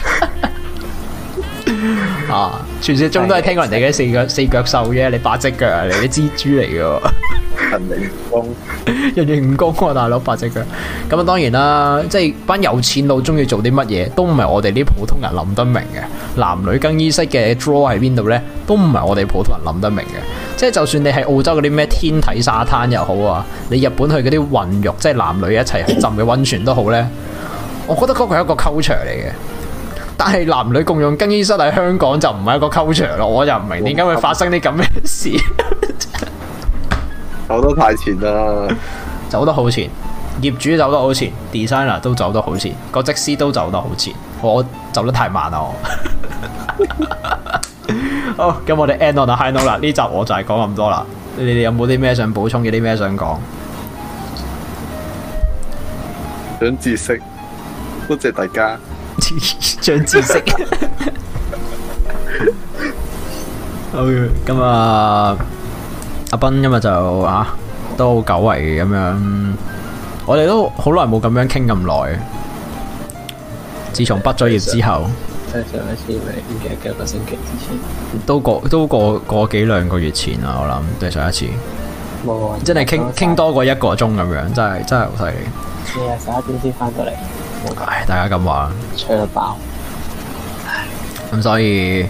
啊！傳説中都係聽過人哋嘅四腳四腳獸啫，你八隻腳啊！你啲蜘蛛嚟嘅， 人形蜈蚣，人形蜈蚣啊！大佬八隻腳，咁啊當然啦，即係班有錢佬中意做啲乜嘢，都唔係我哋啲普通人諗得明嘅。男女更衣室嘅 draw 喺邊度呢？都唔係我哋普通人諗得明嘅。即係就算你係澳洲嗰啲咩天體沙灘又好啊，你日本去嗰啲混浴，即係男女一齊浸嘅温泉都好呢。我覺得嗰個係一個 culture 嚟嘅。係男女共用更衣室喺香港就唔係一個溝場咯，我就唔明點解會發生啲咁嘅事。 走得太前啦，走得好前，業主走得好前，designer 都走得好前，個則師都走得好前，我走得太慢啦。 好，咁我哋 end on the high note 啦，呢集我就係講咁多啦。你哋有冇啲咩想補充？有啲咩想講？想知識，多謝,謝大家。漲 張知識 好。好，今、啊、日阿斌今日就吓、啊、都久違咁樣，我哋都好耐冇咁樣傾咁耐。自從畢咗業之後，即係上一次咪唔記得幾個星期之前，都過都過過幾兩個月前啦，我諗對上一次。冇，真係傾傾多過一個鐘咁樣，真係真係好犀利。你呀十一點先翻過嚟？唉，大家咁話吹得爆，咁所以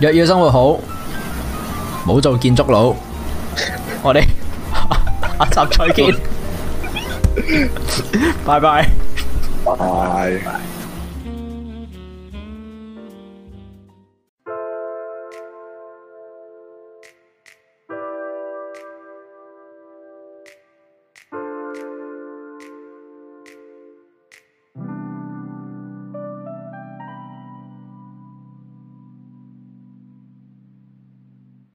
若要生活好，唔好做建築佬。我哋下集再見，拜拜，拜拜。